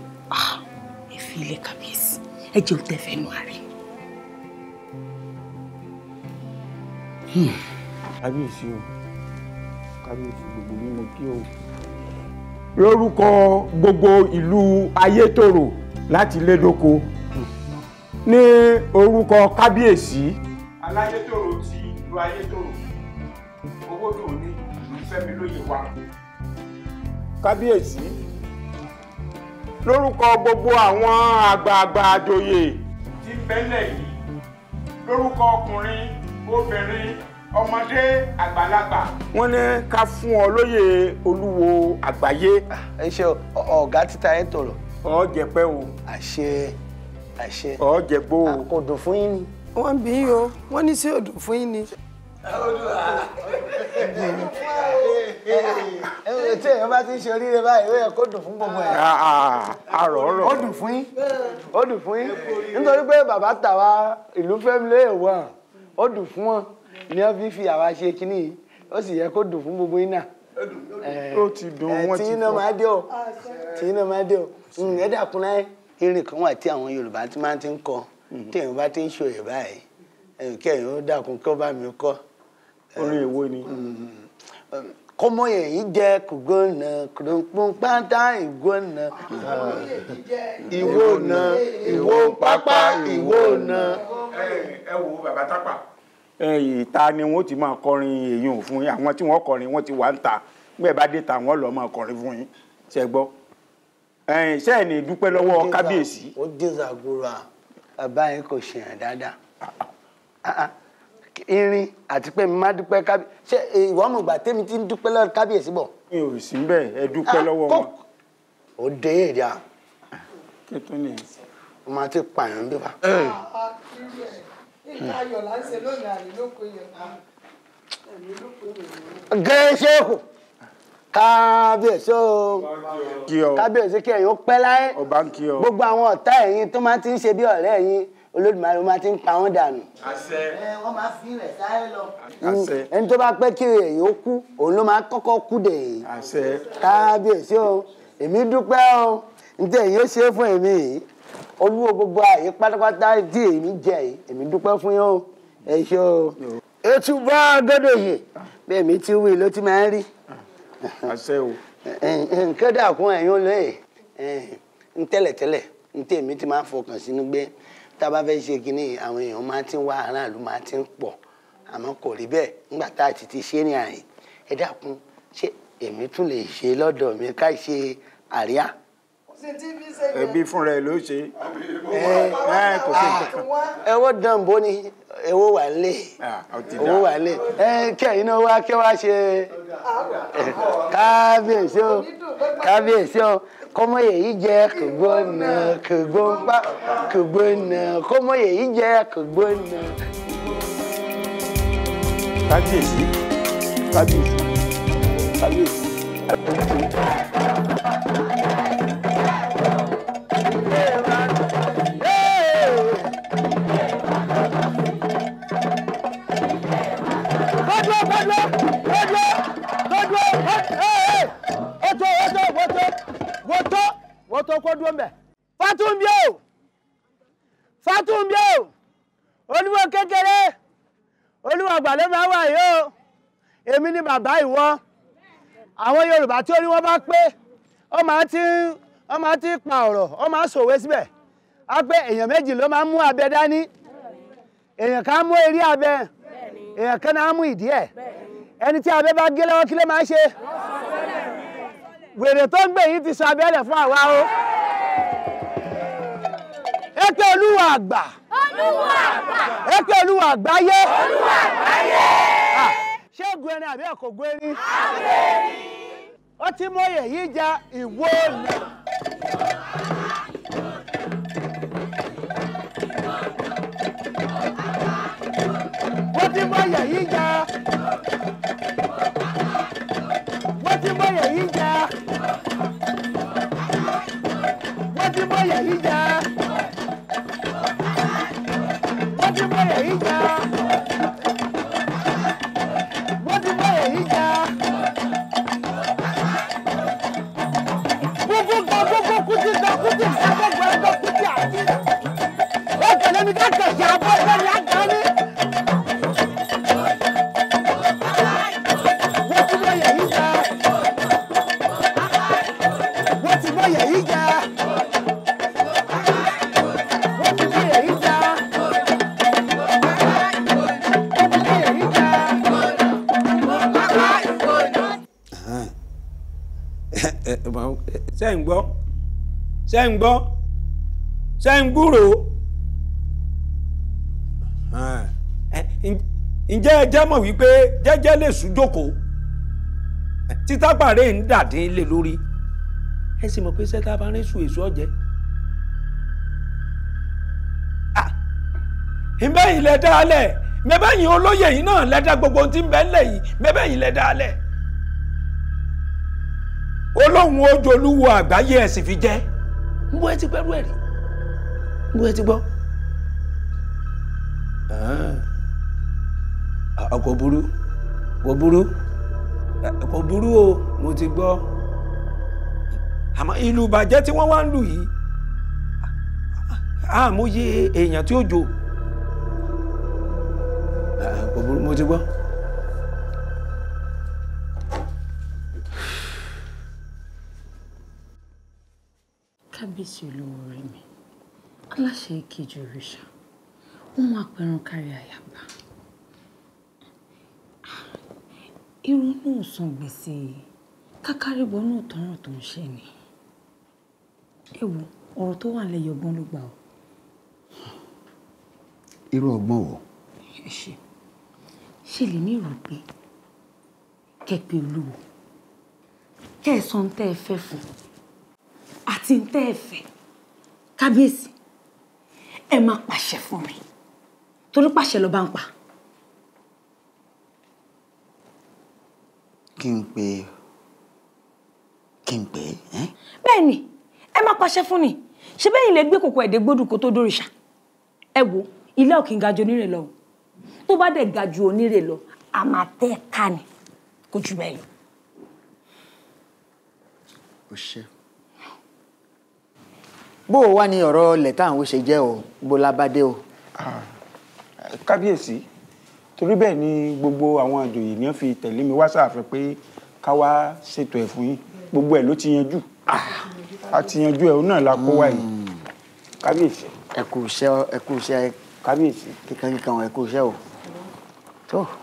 fi ilé kàbíyèsí ẹ jẹun tẹ́fẹ́ nù àárẹ̀. kábíyèsí o kábíyèsí gbogbo ni mo kí o lórúkọ gbogbo ìlú ayétòrò láti kábíyèsí aláyétòrò ti ìlú ayétòrò owó dùn ní ìlú fẹ́mi lóye wa kábíyèsí lórúkọ gbogbo àwọn àgbààgbà àjòyè tí bẹ́lẹ̀ yìí lórúkọ ọkùnrin obìnrin ọmọdé àgbàlagbà. wọ́n ní ká fún ọ lóyè olúwo àgbáyé. Ah, ẹ ṣe ọ̀gá títa ẹ̀ tọrọ. ọ jẹpẹ o. àṣẹ àṣẹ. ọ jẹgbó o. kò dùn fún yín ni. wọ́n bí yín o wọ́n ní sí òdùn fún yín ni. ọdún àá. Eh, eh, tí èèyàn bá ti ń ṣe oríire báyìí ó yẹ kó dùn fún gbogbo ẹ̀. àrò ọ̀rọ̀ ó dùn fún yín ó dùn fún yín nítorí pé bàbá tàwa ìlú fẹ́mílẹ̀ èèwọ̀ ó dùn fún wọn ni wọ́n fi fi àwa ṣe kínní yìí ó sì yẹ kó dùn fún gbogbo yín náà. Eh, ó ti dùn wọ́n ti fọ́ tí iná máa dé o tí iná máa dé o hmm, ẹ dàkúnná irin kan wà tí àwọn Yorùbá ti máa ti ń kọ hmm. tí èèyàn bá ti ń ṣòyè báyìí kẹ́yìn ó dàkún kó bá mi kọ́. orin èwo ni. Hmm, um, kọmọ yẹn jẹ kògónà kòdòǹpọ̀npátá ìgbónà. ìwónà ìwó pápá ìwónà. ẹ wo bàbá tápà. ìta ni wọn ti máa kọrin èèyàn fún yín àwọn tí wọn kọrin wọn ti wà ń ta bẹ́ẹ̀ bá dé ta wọn lọ máa kọrin fún yín ṣe gbọ́. ṣe é ní dúpẹ́ lọ́wọ́ kábíyèsí. ó dín zàgùrà bàbá yín kò ṣèyàn dáadáa. Ah, ah. Ah, irin àti pé mi máa dúpẹ́ kábíyèsí ṣé eh, ìwọ mọ̀ gbà tèmi ti ń dúpẹ́ lọ́wọ́ kábíyèsí bọ̀. mi ò sí bẹ́ẹ̀ ẹ dúpẹ́ ah, lọ́wọ́ wọn. ó dé ìdá. kí tó ní. mo máa ti pààyàn bí wa. Ah, ah, gẹ́sẹ̀kù kábíyèsí o kábíyèsí kí ẹ̀yin ó pẹ́ láyé gbogbo àwọn ọ̀tá ẹ̀yin tó máa ti ń ṣe bí ọ̀rẹ́ ẹ̀yin olódùmarè ó máa ti ń pa wọ́n dànù. àṣẹ. ẹ wọ́n máa fi rẹ̀ sáré lọ. àṣẹ. ẹni tó bá pẹ́ kiri èyí ó kú òun ló máa kọ́kọ́ kú dè é. àṣẹ. kábíyèsí o èmi dúpẹ́ o ntẹ èyí ó ṣe é fún èmi yìí olúwo gbogbo àyè pátápátá tí èmi jẹ yìí èmi dúpẹ́ fún yín o ẹ ṣe o. etu bá gọ́dọ̀ yìí bẹ́ẹ̀ mi ti wí ló ti máa ń rí. àṣẹ o. nkédà kún ẹ̀yin olóyè ntẹ́lẹ̀tẹ́lẹ̀ ntẹ̀ mi ti máa ń fọkàn sínú gbé tá a bá fẹ́ ṣe kínní àwọn èèyàn máa ti wá aráàlú máa ti ń pọ̀ àmọ́ kò rí bẹ́ẹ̀ nígbà tá a ti ti ṣe ní àárín ẹ dákun ṣé èmi tún lè ṣe lọ́dọ̀ mi ká ṣe àríyá. ẹbí fúnra ẹ ló ṣe ẹ ah, dán bó ni owó wà ń lè owó wà ń lè kí ẹ̀yin náà wá kí wá ṣe kábíyèsí o kábíyèsí o kọ́mọ yèyí jẹ́ kògbónà kògbónpá kògbónà kọ́mọ yèyí jẹ́ kògbónà. kábíyèsí kábíyèsí kábíyèsí. tó kó dúró mbẹ Fátúnbí o Fátúnbí o olúwo kékeré olúwo àgbà máa wà yìí o èmi ni bàbá ìwọ àwọn Yorùbá tí orí wọn bá pé ó máa ti ó máa ti pa ọ̀rọ̀ ó máa sòwe síbẹ̀ á pé èèyàn méjì ló máa mú abẹ dání èèyàn kan mú eré abẹ èèyàn kan náà mú ìdí ẹ ẹni tí abẹ bá gé lọ́wọ́ kí ló máa ṣe wèrè tó gbè yín ti ṣàbẹ̀rẹ̀ fún àwa o. ẹ pé olúwa àgbà. olúwa àgbà. ẹ pé olúwa àgbáyé. olúwa àgbáyé. Ah, ṣé gun ẹni àbí ẹ̀kọ́ gun ẹni. àgbẹ̀rì. ó ti mọyè yìí jẹ ìwọ ni. ó ti mọyè yìí jẹ. bọ̀rẹ̀ yìí jà. wọ́n ti bọ̀rẹ̀ yìí jà. wọ́n ti bọ̀rẹ̀ yìí jà. gbogbo gbogbo kú ti sọ kú ti sọ gbogbo ẹgbẹ́ kú ti àti. ó kẹlẹ́ mi ká kẹ̀sọ́. ṣe ń gbọ́ ṣe ń ǹjẹ́ mọ̀ wípé jẹ́jẹ́ lè sùn títà títàpàrẹ́ ń dàdé lórí ẹ sì mọ̀ pé sẹ́tà bá sùn èso ọ̀jẹ́. ìbẹ́yìn lẹ dáálẹ̀ olóyè yìí náà lẹ́dá gbogbo ohun tí ń bẹ yìí lẹ dáálẹ̀ olóhùn àgbáyé bó ẹ ti pẹ́rú ẹ̀ rí bó ẹ ti gbọ́. Ah. kò burú kò burú eh, kò burú o mo ti gbọ́ àmọ́ ìlú ìbàjẹ́ tí wọ́n wá ń lù yìí ah, àmúyẹ èèyàn tí ó jò ah, kò burú mo ti gbọ́. kábíyèsí olóore mi aláṣẹ ìkejì òrìṣà ohun àpẹran kárí àyàbá irú náà san gbèsè kákárìbọ náà tọrọ tó ń ṣe ni ẹ wo ọ̀rọ̀ tó wà nílẹ̀ yọgbọ́n ló gbà ó. irú ọgbọ́n wo. ẹ ṣe ṣe lè ní rò pé kẹpẹ olúwo kẹsàn-án tẹ́ ẹ fẹ́ fún un àti ń tẹ́ ẹ fẹ́ kábíyèsí ẹ máa pàṣẹ fún mi torí pàṣẹ ló bá ń pa. kí n pe kí n pè é. bẹ́ẹ̀ ni ẹ máa pàṣẹ fún ni ṣé bẹ́ẹ̀ yìí lè gbé kòkó ẹ̀dẹ́ gbódù kó tó dòrìṣà ẹ wo ilé ọ̀kìn ga ju onírè lọ tó bá dẹ̀ ga ju onírè lọ a máa tẹ́ ẹ̀ ká ni kó jù bẹ́ẹ̀ lọ. o ṣeun bó o wá ní ọ̀rọ̀ lẹ́tà àwọn ṣe jẹ́ o bó labadé o. Ah, kábíyèsí torí bẹ́ẹ̀ ni gbogbo àwọn àjòyè ni wọ́n fi tẹ̀lé mi wá sáàfin pé ká wá ṣètò ẹ̀ fún yín gbogbo ẹ̀ ló ti yanjú a ti yanjú ẹ̀ òun náà la kó wá yìí hmm. kábíyèsí. ẹ kú iṣẹ́ ẹ kú iṣẹ́ kábíyèsí kíkankíkan ẹ kú iṣẹ́ o tó. So.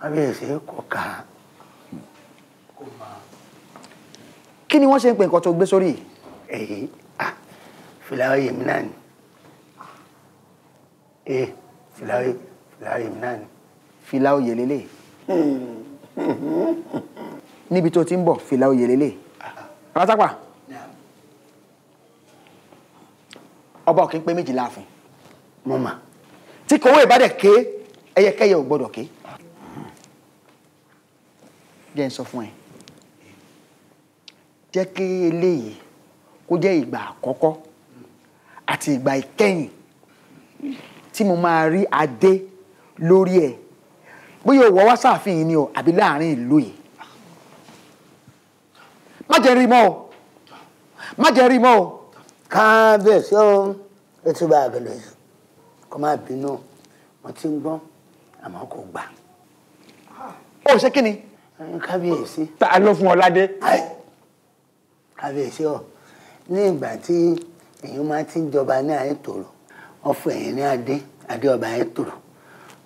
kábíyèsí kò kà á. kí ni wọ́n ṣe ń pè nǹkan tó gbé sórí èyí fìlàwé yèmí náà ni ee fìlàwé fìlàwé yèmí náà ni fìlàwé yèlélẹ̀ níbi tó ti ń bọ̀ fìlàwé yèlélẹ̀ pátápá ọba òkè ń pé méjìlá fún mọ́mà tí kòwé ìbádẹ́ ké ẹyẹkẹyẹ ò gbọ́dọ̀ ké jẹ́ n sọ fún ẹ jẹ́ kí eléyìí kó jẹ́ ìgbà àkọ́kọ́ àti ìgbà ìkẹyìn tí mo máa rí adé lórí ẹ bóyá òwò wá sáàfin ni o àbí láàrin ìlú yìí má jẹ́ rí mọ́ o má jẹ́ rí mọ́ o. kábíyèsí o ẹ ti bá àgbẹ̀lẹ̀ yìí kó má bínú wọn ti ń gbọ́n àmọ́ kò gbà. ó ṣe kí ni kábíyèsí. ta ló fún ọ ládé. kábíyèsí ọ ní ìgbà tí èèyàn máa ti ń jọba ní àyètòrò wọn fún èèyàn ní adé adé ọba àyètòrò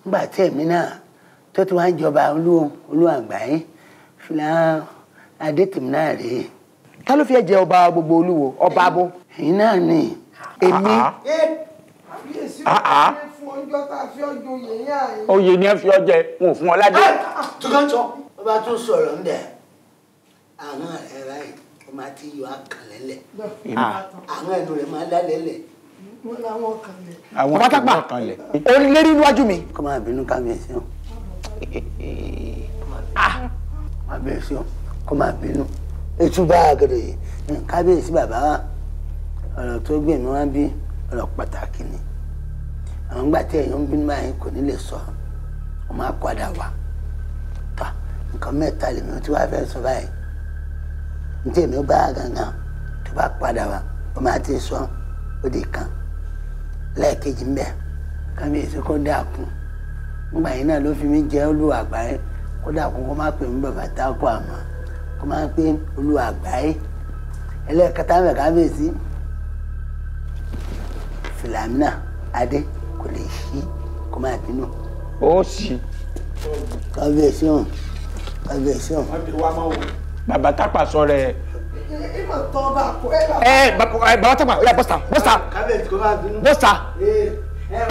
nígbà tí èmi náà tó ti wá ń jọba olú àgbáyé fìlà adé tèmi náà rèé. ta ló fi ẹ jẹ ọba gbogbo olúwo ọba abo. èyí náà ni èmi. Ah, ah. Ah, oyè ni ẹ fi ọ jẹ wọn ò fún ọ ládé wọ́n bá tún sọ̀rọ̀ ńbẹ̀ àwọn ẹ̀rá yìí wọ́n máa ti yọ àkànlẹ́lẹ̀ ah. àwọn ẹnu rẹ̀ máa lálẹ́lẹ̀. àwọn pátápá orí lérí níwájú mi. kọ́ máa bínú kábíyèsí o kábíyèsí o kọ́ máa bínú ètú bá àgàdo yìí kábíyèsí bàbá wa ọ̀rọ̀ tó gbẹ̀mí wá bí ọ̀rọ̀ pàtàkì ni àwọn gbàtẹ́ èèyàn ń bínú báyìí kò ní lè sọ ọ́ máa padà wá. nǹkan mẹ́ta lèmi tí wàá fẹ́ sọ báyìí ní tèmi ó bá gangan tó bá padà wá ó máa ti sọ ó di kan lẹ́ẹ̀kejì ń bẹ̀ kábíyèsí kó dàkún nígbà yìí náà ló fi mí jẹ́ olúwa àgbáyé kó dàkún kó má pè mí bàbá tákù àmọ́ kó má pè olúwa àgbáyé ẹlẹ́ẹ̀kẹta adé kò lè ṣí kó má bínú. ó ẹgbẹ́ iṣẹ́ ọ̀hún. bàbá tápà Basta. rẹ. ẹ bàbá tápà ọ̀yà bọ́sà bọ́sà bọ́sà.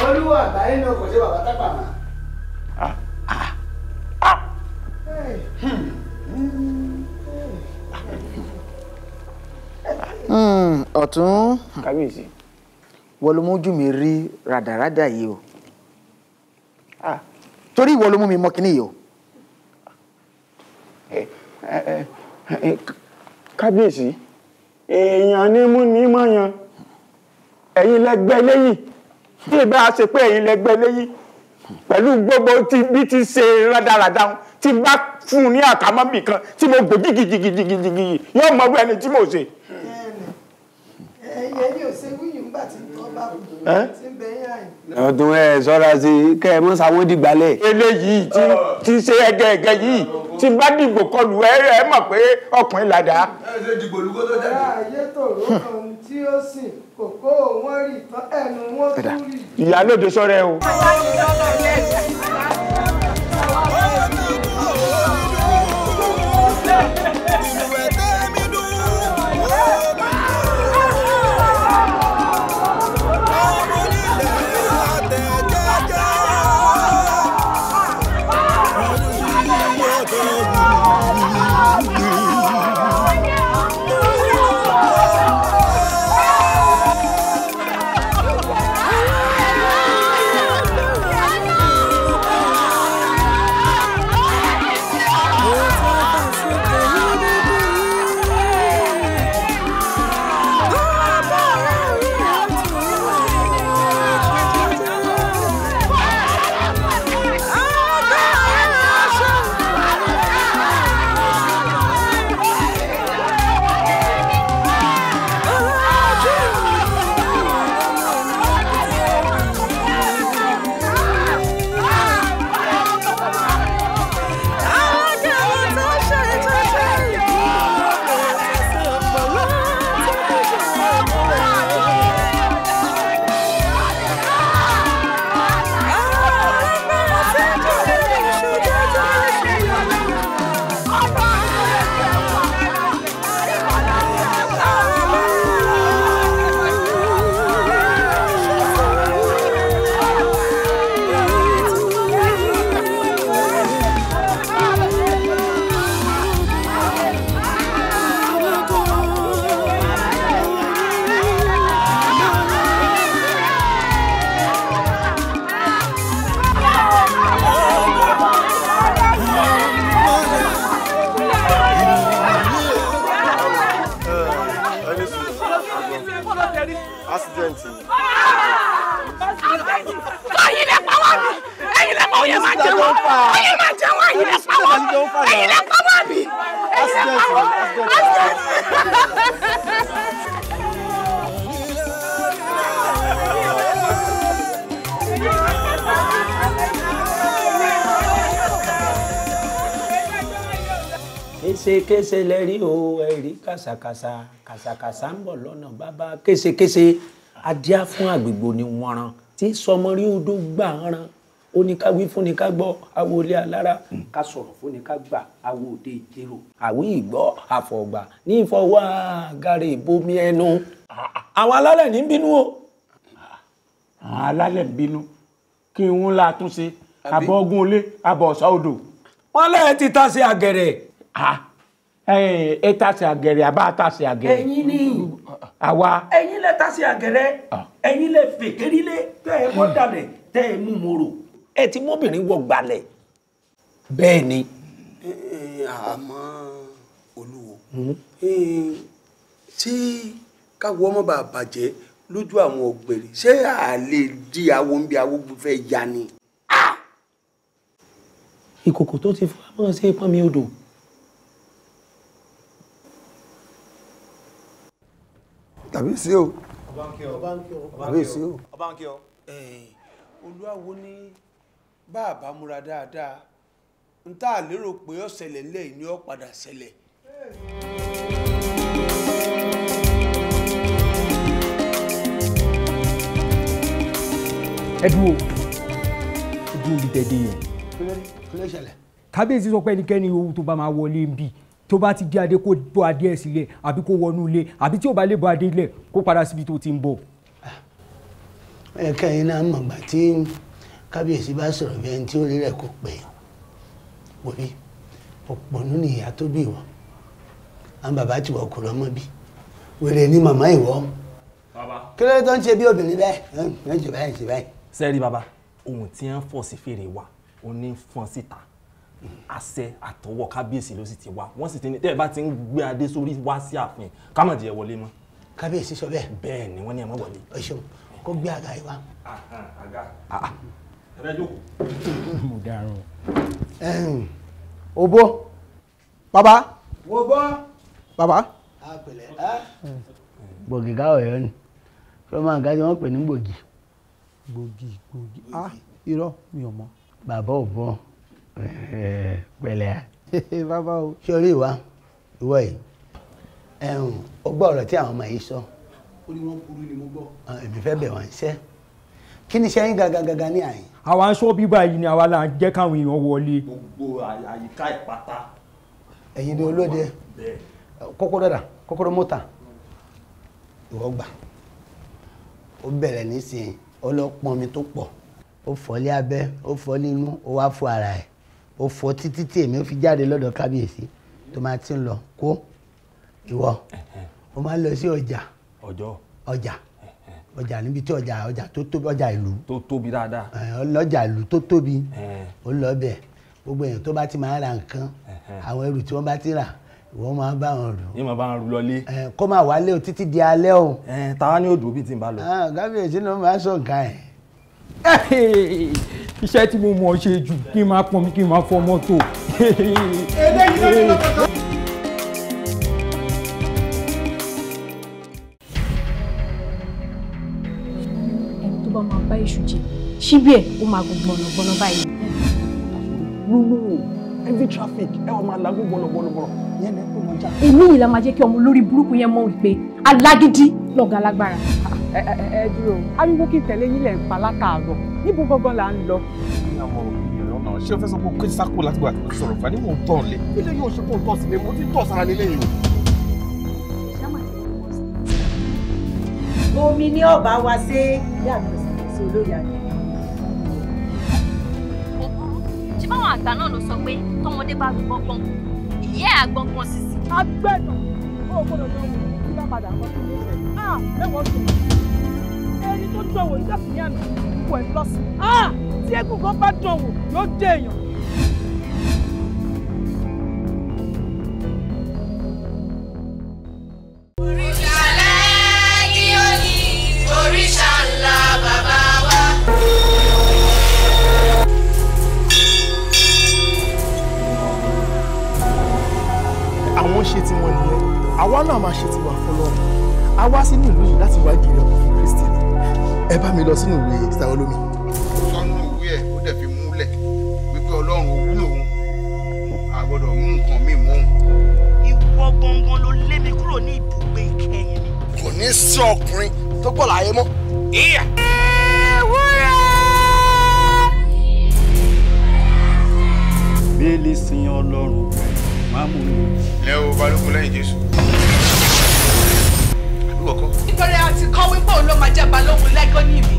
olúwa àgbáyé náà kò ṣe bàbá tápà mọ́. Ah, ah, ah. Hmm, ọ̀tún kábíyèsí wọ́n ló mójú mi rí ràdàràdà yìí o torí ìwọ ló mú mi mọ́ kínní yìí o kábíyèsí èèyàn ní mú ní mọ̀yàn ẹ̀yin lẹ́gbẹ́ léyìí bí ìbá ṣe pé ẹ̀yin lẹ́gbẹ́ léyìí pẹ̀lú gbogbo tí bí ti ṣe rádaràda tí bá fún un ní àkámọ́ bì kan tí mo gbò jìgìjìgìjìgì yóò mọ wí ẹni tí mo ṣe. ẹyẹ ni ò ṣe wí ọdún ẹ ṣọ́ra sí kẹ ẹ mọ sáwọn dìgbàlẹ̀. eléyìí tí tí ṣe ẹgẹ ẹgẹ yìí tí bá dìgbò kọlù ẹ ẹ mọ̀ pé ọkùnrin làdá. ẹ ṣe dìgbò olùkọ́ tó jáde. ayé tòró kan tí ó sìn kòkó wọn rì tán ẹnu wọn tún rì. ìyálòde sọ̀rọ̀ ẹ o. Yeah. késekése lẹ rí o ẹ rí kàsàkàsà kàsàkàsà ń bọ̀ lọ́nà bàbá késekése adíá fún àgbègbè ni wọ́n ran tí sọmọrí odò gbà ń ran ó ní ká wí fún ni ká gbọ́ awo ilé alára ká sọ̀rọ̀ fún ni ká gbà awo òde ìjérò àwí ìgbọ́ àfọ̀gbà ní ìfọwọ́ àgàrè ìbomi ẹnu àwọn alálẹ̀ ní bínú o. àwọn alálẹ̀ bínú kí n ń la àtúnṣe àbọ̀ ogun ilé àbọ̀ ọ̀sá odò. wọ́n lẹ́yìn ti ta sí àgẹ̀rẹ̀ ẹ tàṣe àgẹ̀rẹ̀ àbá tàṣe àgẹ̀rẹ̀. ẹ̀yin ni àwa. ẹ̀yin lẹ se àgẹ̀rẹ̀ ah. ẹ̀yin lẹ fèkérílé tẹ ẹ mọ dalẹ̀ tẹ ẹ mú mòrò. ẹ ti mọ́bìnrin wọ gbalẹ̀. bẹ́ẹ̀ ni. àmọ́ olúwo hmm? ṣé káwọ́ ọmọ bá bàjẹ́ lójú àwọn ọ̀gbẹ̀rì ṣé à lè di àwọn ń bí àwọn gbọ́fẹ́ ya ni. Ah! ìkòkò tó ti fún amọ̀ ṣe pọ́nmi odò. kàbíyèsí o kàbíyèsí o ọbánkí o eh, olúwàwó ní múra dáadáa n tá a lérò pé ó ṣẹlẹ̀ ni ó padà ṣẹlẹ̀. ẹ dúró ojú yẹn. kábíyèsí sọ pé ẹnikẹ́ni owó tó tó bá ti dé adé kó bọ́ adé ẹ̀ sílẹ̀ àbí kó wọnú ilé àbí tí ò bá lè bọ́ adé ilẹ̀ kó padà síbi tó ti ń bọ̀. ẹ̀ka yìí náà mọ̀ gbà tí kábíyèsí bá sọ̀rọ̀ bí ẹni tí ó rí rẹ̀ kó pè é wòlí òpònú ni ìyá tó bí wọn àwọn bàbá tí wọ́n kò lọ́mọ bí wèrè ni màmá ìwọ kí ló dé tó ń ṣe bí obìnrin bẹ́ẹ̀ ẹ̀ ń ṣe báyìí ṣe báyìí. sẹ́ẹ̀rì bàbá ohun tí ń fọ̀ sí fèrè wa ò ní fọ́n síta àṣẹ àtọwọ́ kábíyèsí ló sì ti wá wọ́n sì ti ní tẹ́ ẹ bá ti ń gbé adé sórí wá sí ààfin ká má jẹ́ wọlé mọ́. kábíyèsí sọ bẹ́ẹ̀. bẹ́ẹ̀ ni wọ́n ní ẹ má wọlé. o ṣeun kó gbé àga yìí wá. àga ah, ah. ẹ̀rẹ́ jókòó. mo dáràn. obo baba. wo baba. a pẹ̀lẹ́ a. gbòógì káwọ̀ ẹ̀yọ́ ni fẹ́ẹ́ máa ń ká pè ní gbòógì. gbòógì gbòógì ah irọ́ mi ò mọ̀. bàbá ò bọ́. Eh, eh, pẹ̀lẹ́ bàbá o ṣé orí ìwà ìwọ yìí o gbọ́ ọ̀rọ̀ tí àwọn ọmọ yìí sọ. ó ní gàgàgàgà ah, ní àyè. àwa ń sọ bíbá yìí ni àwa là ń jẹ́ wọlé. gbogbo àyíká olóde mọ́tà ìwọ gbà bẹ̀rẹ̀ nísìnyí mi tó pọ̀ ó fọ́lé abẹ́ ó fọ́lé inú ó wá fọ ara ẹ̀ ó fọ títí tí èmi ó fi jáde lọ́dọ̀ kábíyèsí tó máa ti ń lọ kó ìwọ ó máa ń lọ sí ọjà ọjà ọjà níbi tí ọjà ọjà tó tóbi ọjà ìlú tó tóbi dáadáa ọlọ́jà ìlú tó tóbi ó lọ bẹ̀ gbogbo èèyàn tó bá ti máa ra nǹkan àwọn ẹrù tí wọ́n bá ti rà wọ́n máa bá wọn rù. yín máa bá wọn rù lọlé. kó máa wálé o títí di alẹ́ o. ta ni yóò dùn bí ti ń bá lọ. Ah, kábíyèsí ló máa sọ̀ka ẹ̀ iṣẹ́ tí mo mọ̀ ṣe jù kí n máa pọnmi kí n máa fọ mọ́tò. eléyìí ló ní lọ́kọ̀tọ̀. ẹni tó bá máa bá èṣù jẹ síbí ẹ ó máa gùn gbọ̀nàgbọ̀nà báyìí. lulu heavy traffic ẹ wà máa lagún gbọ̀nàgbọ̀nà yẹn lẹ́kọ̀ọ́ mọ́jà. èmi yìí la máa jẹ́ kí ọmọ olórí burúkú yẹn mọ̀ wípé alágídí lọ̀gá lágbára ẹ ẹ ẹ dúró ariwo kí n tẹ̀lé yín lẹ̀ ń pa látàárọ̀ níbo gangan là ń lọ. àwọn èèyàn náà ṣé o fẹ́ sọ pé o kí sáko láti wà tó sọ̀rọ̀ fani mò ń tọ̀ lé. ilé yóò ṣe kó n tọ̀ sí ni mo ti tọ̀ sára nílé yìí o. omi ni ọba wa ṣe yàtọ̀ sí olóyè àgbẹ̀. ṣé báwọn àgbà náà ló sọ pé tọmọdé bá gbọ́ gbọ́n ìyá àgbọ̀n kan sì sí. agbẹ́dọ̀ ó gbọ́dọ̀ lọ wò ó kí bá padà kọ́ sí ilé ìṣẹ̀lẹ̀. ah ẹ wọ́n sùn ẹni tó dán wò nígbà fún yànnà kò ẹ̀ lọ sí ah! tí eégún kan bá dán wò yóò dé èèyàn. òrìṣà lẹ́ẹ̀kí ó ní àwọn ṣe tiwọn nìyẹn àwa náà máa ṣe tiwa fọlọ́run a wá sínú ìlú yìí láti wá jìnnà ẹ bá mi lọ sínú ìwé Mr. Olómi. sọnù ìwé ẹ ó dẹ̀ fi múlẹ̀ wípé ọlọ́run òwú lòun a gbọ́dọ̀ mú nǹkan mi mú. ìwọ gangan ló lé mi kúrò ní ibùgbé ìkẹyìn mi. kò ní sí ọkùnrin tó gbọ́ láyé mọ́. ìyá. ewúrẹ́. bẹ́ẹ̀ lè sin ọlọ́run pẹ̀lú mi. lẹ́wọ̀ balógun lẹ́yìn jésù kankan. nítorí a ti kọ́ wípé òun ló máa jẹ́ balógun lẹ́gọ́nì mi.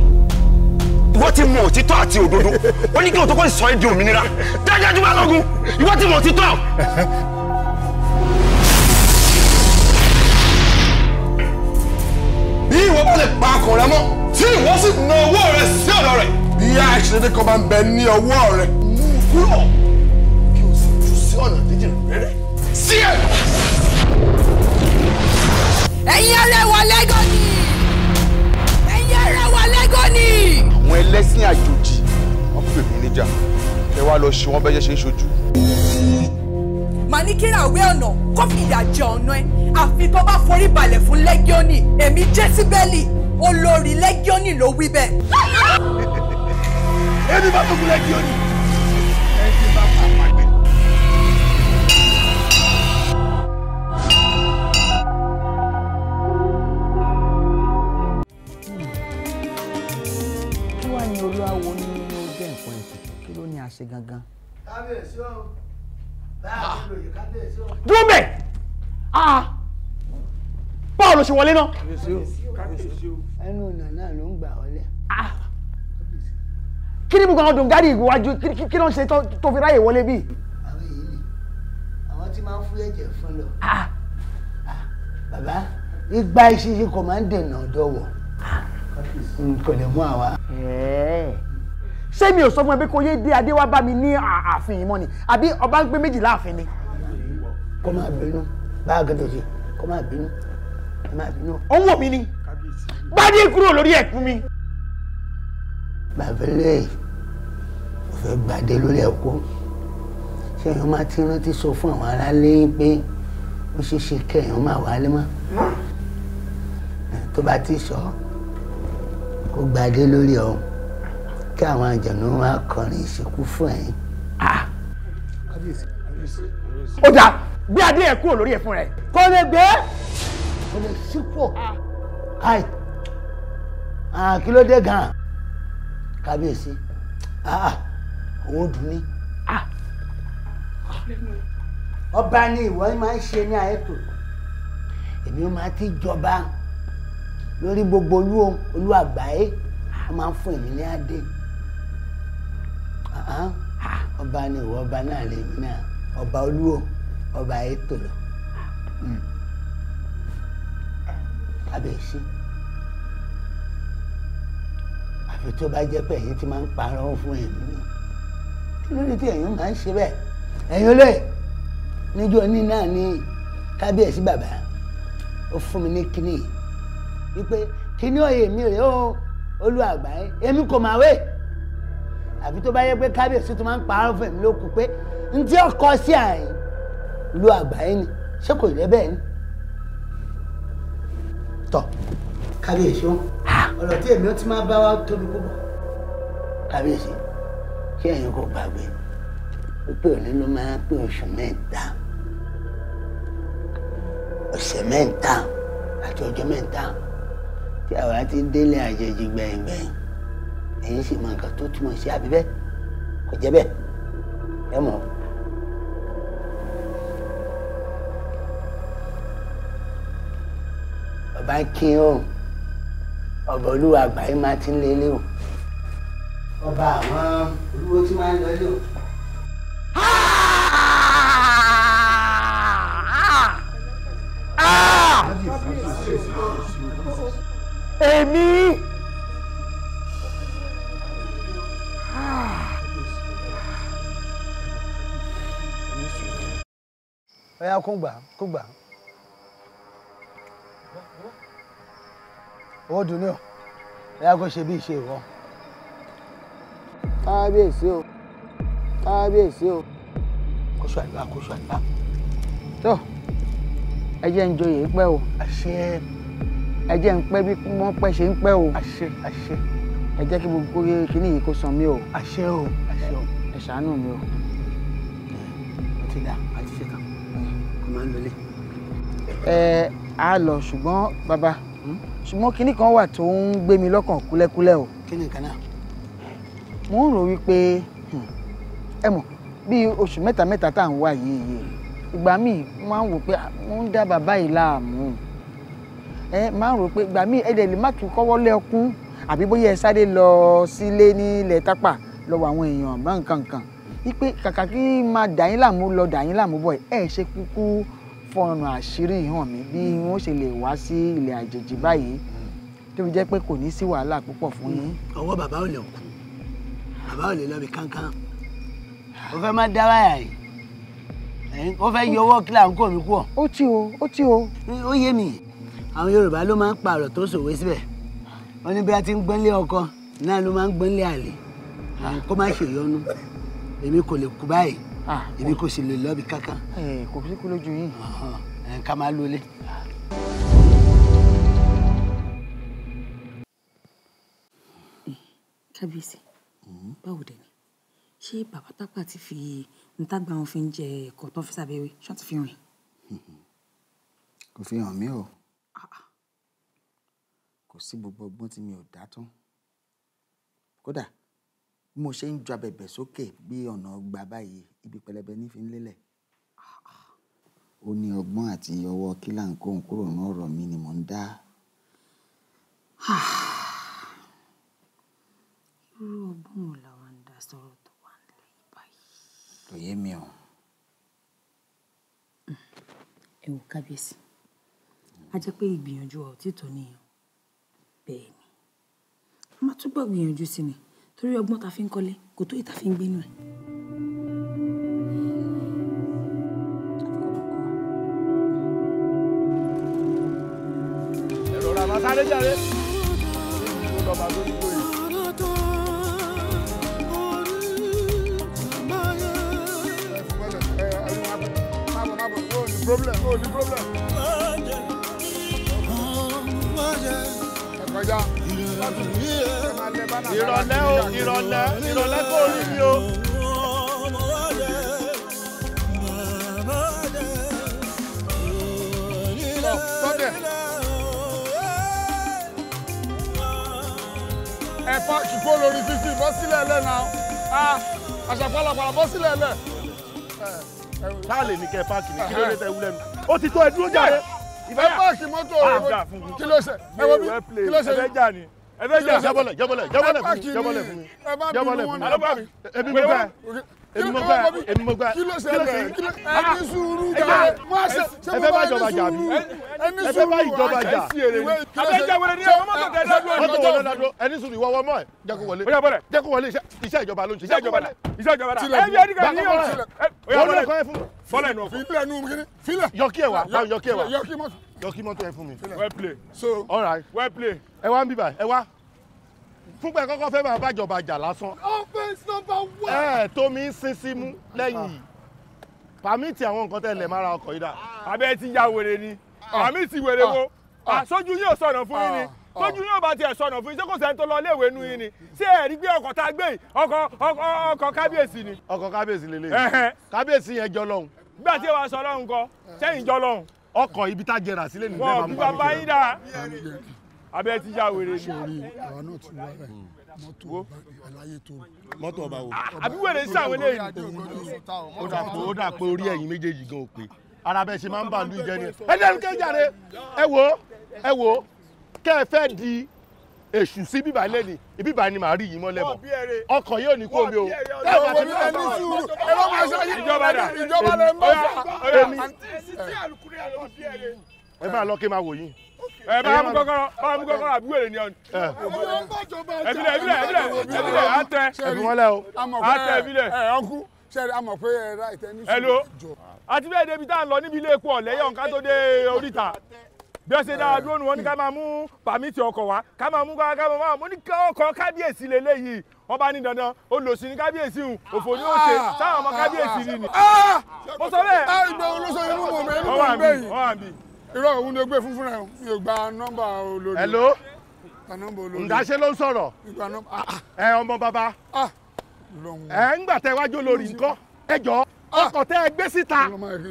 ìwọ ti mọ òtítọ́ àti òdodo ó ní kí o tó kọ́ ìsọ èdè òmìnira dájájú balógun ìwọ ti mọ òtítọ́. bí ìwọ bá lè pa akàn rẹ mọ́ tí ìwọ sì na owó rẹ sí ọ̀dọ̀ rẹ̀ bí àìṣedédé kan bá ń bẹ ní ọwọ́ rẹ mú kúrò. ṣe ń ṣojú. màá ní kíra àwé ọ̀nà kó fi ìyà jẹ ọ̀nà ẹ àfi tó bá forí balẹ̀ fún lẹ́gíọ́nì èmi jésìbẹ́lì olórí lẹ́gíọ́nì ló wí bẹ́ẹ̀. èmi bá tó kú lẹ́gíọ́nì. wá ní olúwa wo ní gangan kábíyèsí o báyà mi ah. lòye kábíyèsí dúró bẹ́ẹ̀ ah báwo ló ṣe wọlé náà. ẹnu ọ̀nà náà ló ń gbà wọlé. Ah! kí ni mo kàn dùn gáàdì ìwájú kí ló ń ṣe tó fi ráyè wọlé bí. àwọn èyí ni àwọn tí máa ń fún ẹ̀jẹ̀ fún lọ. Ah! bàbá igba ìṣiṣẹ́ kò máa ń dènà ọ̀dọ́ wọ̀ kò lè mú àwa ṣé mi ò sọ fún ẹ pé kò yé dé adé wá bá mi ní ààfin yìí mọ́ ni àbí ọba ń gbé méjì láàfin ni. kó máa bínú bá a gẹ́gẹ́ yìí kó máa bínú kó máa bínú. ó ń wò mí ni gbádé kúrò lórí ẹ̀kún mi. bàbélé ò fẹ́ gbàdé lórí ẹ̀kún ṣé èèyàn máa ti rántí sọ fún àwọn aráalé pé ó ṣeé ṣe kẹ́ẹ̀yàn máa wálé mọ́ hmm? tó bá ti sọ kó gbàdé lórí ọ̀hún kí àwọn àjẹ̀nú máa kọrin ìsìnkú fún ẹ̀yin. ó dáa gbé adé ẹ̀ kúrò lórí ẹ̀ fún rẹ̀. kò lè gbé kò lè sípò káì kí ló dé gan-an kábíyèsí òun dùn ní. ọba ni ìwọ máa ń ṣe ní àyètò èmi máa ti jọba lórí gbogbo olú àgbáyé a máa ń fún èmi ní adé. Ah. ọba ni ìwọ ọba náà lè mí náà ọba olúwo ọba ètò lọ hmm. kábíyèsí àfi tó bá jẹ́ pé ẹ̀yin ti máa ń parọ́ fún èmi kí ló dé tí ẹ̀yin máa ń ṣe bẹ́ẹ̀ ẹ̀yin olóyè níjọ́ ní náà ní kábíyèsí bàbá ó fún mi ní kíní wípé kíní òye mi rèé o olú àgbáyé èmi kò máa wé àbí tó bá yẹ pé kábíyèsí tó máa ń parọ́ fẹ̀mí ló kù pé ntí ọkọ sí àyìn lu àgbà yín ni ṣé kò yẹ bẹ́ẹ̀ ni. tọ́ kábíyèsí ọ̀rọ̀ tí èmi ti máa bá wa tóbi púpọ̀ kábíyèsí kí ẹ̀yin kò gbàgbé pé òní ló máa pé oṣù mẹ́ta ọ̀sẹ̀ mẹ́ta àti ọjọ́ mẹ́ta tí àwa ti délé àjèjì gbẹ̀yìn gbẹ̀yìn ẹ̀yin sì mọ nǹkan tó túmọ̀ sí àbí bẹ́ẹ̀ kò jẹ́ bẹ́ẹ̀ ẹ mọ̀. ọba ń kí o ọba olúwa àgbáyé máa ti ń lélẹ̀ o ọba àwọn olúwo tí máa ń lọlé o. èmi. ọ̀yá kó gbà kó gbà. owó dùn ní o ọ̀yá kó ṣe bí ìṣe ìwọ. kábíyèsí o kábíyèsí o. kó sọ àdúrà kó sọ àdúrà. tó ẹ jẹ́ ń joyè pẹ́ o. àṣẹ. ẹ jẹ́ ń pẹ́ bí wọ́n pẹ́ ṣe ń pẹ́ o. àṣẹ àṣẹ. ẹ jẹ́ kí gbogbo kíní yìí kó san mí o. àṣẹ o àṣẹ o. ẹ ṣàánú mi o. mo ti dà àti máa ń lọlé. ẹ á lọ ṣùgbọ́n bàbá hmm? ṣùgbọ́n kinní kan wà tó ń gbé mi lọ́kàn kúlẹ́kúlẹ́ o. kí ni nǹkan náà. mo ń rò wípé hmm, ẹ mọ̀ bíi oṣù mẹ́ta mẹ́ta tá à ń wá yìí yìí ìgbà míì máa ń wò pé mo ń dá bàbá yìí láàmú ẹ máa ń rò pé ìgbà míì ẹ̀dẹ̀ lè má tún kọ́wọ́ lé ọkún àbí bóyá ẹ sáré lọ sílé ní ilẹ̀ tápà lọ́wọ́ àwọn èèyàn bá nǹkan kan wípé kàkà kí máa dàyín láàmú lọ dàyín láàmú bọ̀ ẹ̀ ṣe kúkú fọ̀nà àṣírí hàn mí bí mm. wọ́n ṣe lè wá sí ilẹ̀ àjèjì báyìí mm. tó fi jẹ́ pé kò ní sí wàhálà púpọ̀ fún yín. Mm. ọwọ́ bàbá ò lè kú bàbá ò lè lọ bí kánkán ó fẹ́ má dá wáyà yìí ó fẹ́ yọ ọwọ́ kílà ń kó mi kú ọ. ó ti o ó ti o. ó yé mi àwọn Yorùbá ló máa ń pààrọ̀ tó sòwe síbẹ̀ wọ́n ní bí a ti ń gbọ́nlé ọkọ náà ló máa ń gbọ́nlé àlè kó má ṣèyọnu èmi kò lè kú báyìí ah, èmi kò sì lè lọ́bi kankan. Eh, kò sí kú lójú yìí. ká máa lólé. kábíyèsí mm-hmm. báwo dẹ̀ ni ṣé bàbá tápà ti fi ntàgbà wọn fi ń jẹ ẹ̀kọ́ tó fi sábẹ́ ṣọ́n ti fi rìn. kò fi hàn mí o ah, ah. kò sí gbogbo ọgbọ́n tí mi ò dá tán kódà bí mo ṣe ń ju abẹ̀bẹ̀ sókè bí ọ̀nà ọgbà báyìí ibi pẹlẹbẹ ní fi ń lélẹ̀. ó ní ọgbọ́n àti ọwọ́ kílà ń kó òun kúrò nínú ọ̀rọ̀ mi ni mò ń dá. irú ọgbọ́n wo làwa ń dá sọ̀rọ̀ tó wà nílẹ̀ yìí báyìí. kò yé mi o. ẹ wò kábíyèsí a jẹ́ pé ìgbìyànjú ọ̀títọ́ nìyẹn bẹ́ẹ̀ ni a máa túbọ̀ gbìyànjú sí ni torí ọgbọ́n ta fi ń kọ́lé kò tó ìta fi ń gbénu ẹ̀. ẹ̀rọ ra sáré jáde ó lọ bá lórí lórí. problem o ní problem ìrọ̀lẹ́ o ìrọ̀lẹ́ ìrọ̀lẹ́ kò rí mi o. ẹ pààkì kó lórí fífi bọ́ sílẹ̀ lẹ́ na àṣàpàlàpàlà bọ́ sílẹ̀ lẹ́. táàlì ní kẹ pààkì ní kí ló dé tẹ wúlẹ̀ mi. ó ti tó ẹ dúró jáde. ìfẹ́ pààkì mọ́tò kí ló ṣe kí ló ṣe ẹ fẹ́ jà jábọ́lẹ̀ jábọ́lẹ̀ jábọ́lẹ̀ fún mi jábọ́lẹ̀ fún mi jábọ́lẹ̀ fún mi alọ́ba mi èmi mo gbà èmi mo gbà èmi mo gbà kí ló ah! ṣe ẹ ní sùúrù jà ẹ fẹ́ bá ìjọba jà bí ẹ fẹ́ bá ìjọba jà abẹ́jà wẹ̀rẹ̀ ni ọmọ mọ́tò tẹ̀ lọ́dún ọ̀dọ́ ọ̀dọ́ ọ̀dọ́ ọ̀dọ́ ẹni sùúrù ìwọ ọmọ ẹ jẹ́kọ̀ wọlé jẹ́kọ̀ wọlé iṣẹ́ ìjọba ló ń ṣe iṣẹ́ ìjọba iṣẹ́ ìjọba rà ẹ bí ẹni kan ní ọ̀sẹ̀ bọ́lẹ̀ kan ẹ fún mi. bọ́lẹ̀ nù ọkọ̀ yọkí ẹ wá yọkí ẹ wá lọ kí mọ́tò yẹn well play. so all right. well play. ẹ wá ń bíbà ẹ wá fúnpẹ́ kọ́kọ́ fẹ́ máa bájọba jà lásán. offence number one. ẹ tómi ń sin sí mú lẹ́yìn yìí pàmìtì àwọn nǹkan tẹ̀lé mára ọkọ̀ yìí dà. abẹ́ ti ya wèrè ni ah. pàmìtì wèrè wo àsójú ah. ah. yóò sọ̀nà fún yín ni tójú yóò bá tiẹ̀ sọ̀nà fún yín ṣé kò sẹ́ni tó lọ léèwé nu yín ni ṣé ẹ rí pé ọkọ̀ tá a gbé yìí ọkọ̀ ọkọ̀ kábíyèsí ni. ọkọ̀ kábíyèsí lélẹ̀ kábíyèsí yẹn jọlọ́hún. gbàtí wàá sọ lọ́hún kọ sẹ́yìn jọlọ́hún ọkọ̀ ibi tá jẹrà sílẹ̀ nílẹ̀ máa ń bá mi jẹrà. wọ́n bí bàbá yín dà abẹ́ ti ya wèrè ni. sori àwa náà ti wá rẹ hmm. mọ́tò aláyé tó. mọ́tò ọba wo. Ah, àbí wèrè sí àwọn eléyìí. ó dà pé ó dà pé orí ẹ̀yin méjèèjì gan ò pé ara bẹ́ẹ̀ ṣe máa ń bà lù jẹ́ ni. ẹ jẹ́ kí ẹ jàre ẹ wo ẹ wo kẹ́ ẹ fẹ́ di èṣù sí bíbá lẹ́ni bíbá ni màá rí yìí mọ́ lẹ́bọ̀ ọkọ̀ yóò ní kó o. ẹ̀rọ mi lẹ ní sùúrù ẹ̀rọ máa ṣe yí ìjọba dà ìjọba lẹ mọ́ èmi. ẹ máa lọ kí n máa wò yín. ẹ bá mú kọ́kọ́rọ́ bá mú kọ́kọ́rọ́ àbúrò rẹ̀ ní ọ̀nì. ẹbílẹ̀ ẹbílẹ̀ ẹbílẹ̀ ẹbílẹ̀ á ẹbí wọn lẹ o á tẹ ẹ ọkú sẹ́ẹ̀rì bí wọ́n ṣe dára dúró nu wọn ní ká máa mú pàmìtì ọkọ̀ wá ká máa mú ká máa wá mo kábíyèsí lélẹ́yìí wọ́n bá ní dandan olùsìn ní kábíyèsí hùn òfò ní òṣè ah! sáwọn ọmọ kábíyèsí rí ni. Ah! mo sọ bẹ́ẹ̀. a ah, ìgbà olóṣò inú mọ̀ mẹ́rin mọ̀ ń bẹ̀ irọ́ òun ló gbé fún fúnra ẹ̀ gba nọ́mbà olórí. hello ǹdáṣe ló ń sọ̀rọ̀ ẹ ọmọ bàbá ẹ ń gbà tẹ wájú olórí nǹkan ẹ jọ ọkọ̀ tẹ ẹ gbé síta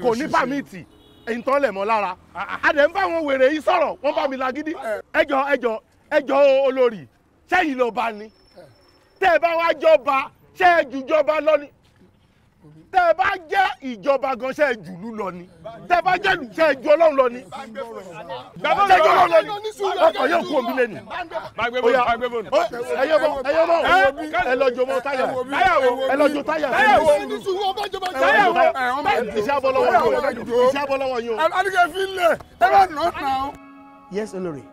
kò ní pàmìtì ìtàn lẹ̀ mọ́ lára àdẹ̀ ń bá àwọn wèrè yìí sọ̀rọ̀ wọ́n bá mi lágídí ẹjọ́ ẹjọ́ ẹjọ́ olórí sẹ́yìn ló bá ní tẹ́ ẹ bá wá jọba ṣẹ́ jùjọba lọ́ni tẹ́ bá jẹ́ ìjọba gan ṣe jùlú lọ ni tẹ́ bá jẹ́ ṣe ju ọlọ́run lọ ni gbàgbọ́ ṣe ju ọlọ́run lọ ni ọkọ̀ yóò kú omi lẹ́nu oya ẹyọ bọ ẹyọ bọ ẹ lọ táyà ẹ lọ táyà ẹ táyà iṣẹ́ abọ́lọ́wọ́ yín o iṣẹ́ abọ́lọ́wọ́ yín o. fi lẹ ẹ bá nọ náà. yes olórí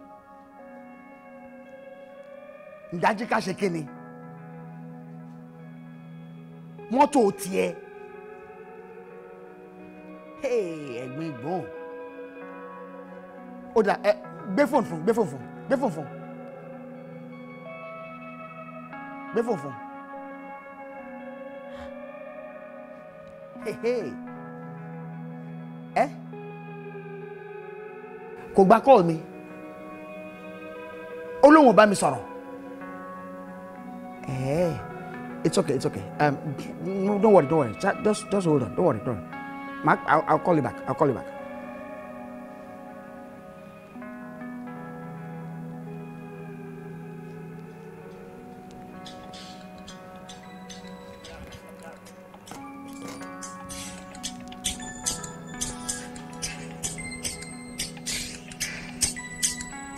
ǹdájí ká ṣe kí ni mọ́tò ẹ̀gbin gbọ́n ó dà ẹ gbé fóònù fún gbé fóònù fún gbé fóònù fún gbé fóònù fún ẹ kò gba kọ́ọ̀ mi olóhùn bá mi sọ̀rọ̀ ẹ it's okay it's okay um, no, don't worry don't worry just just hold on don't worry don't worry. Mark, I'll, I'll call you back. I'll call you back.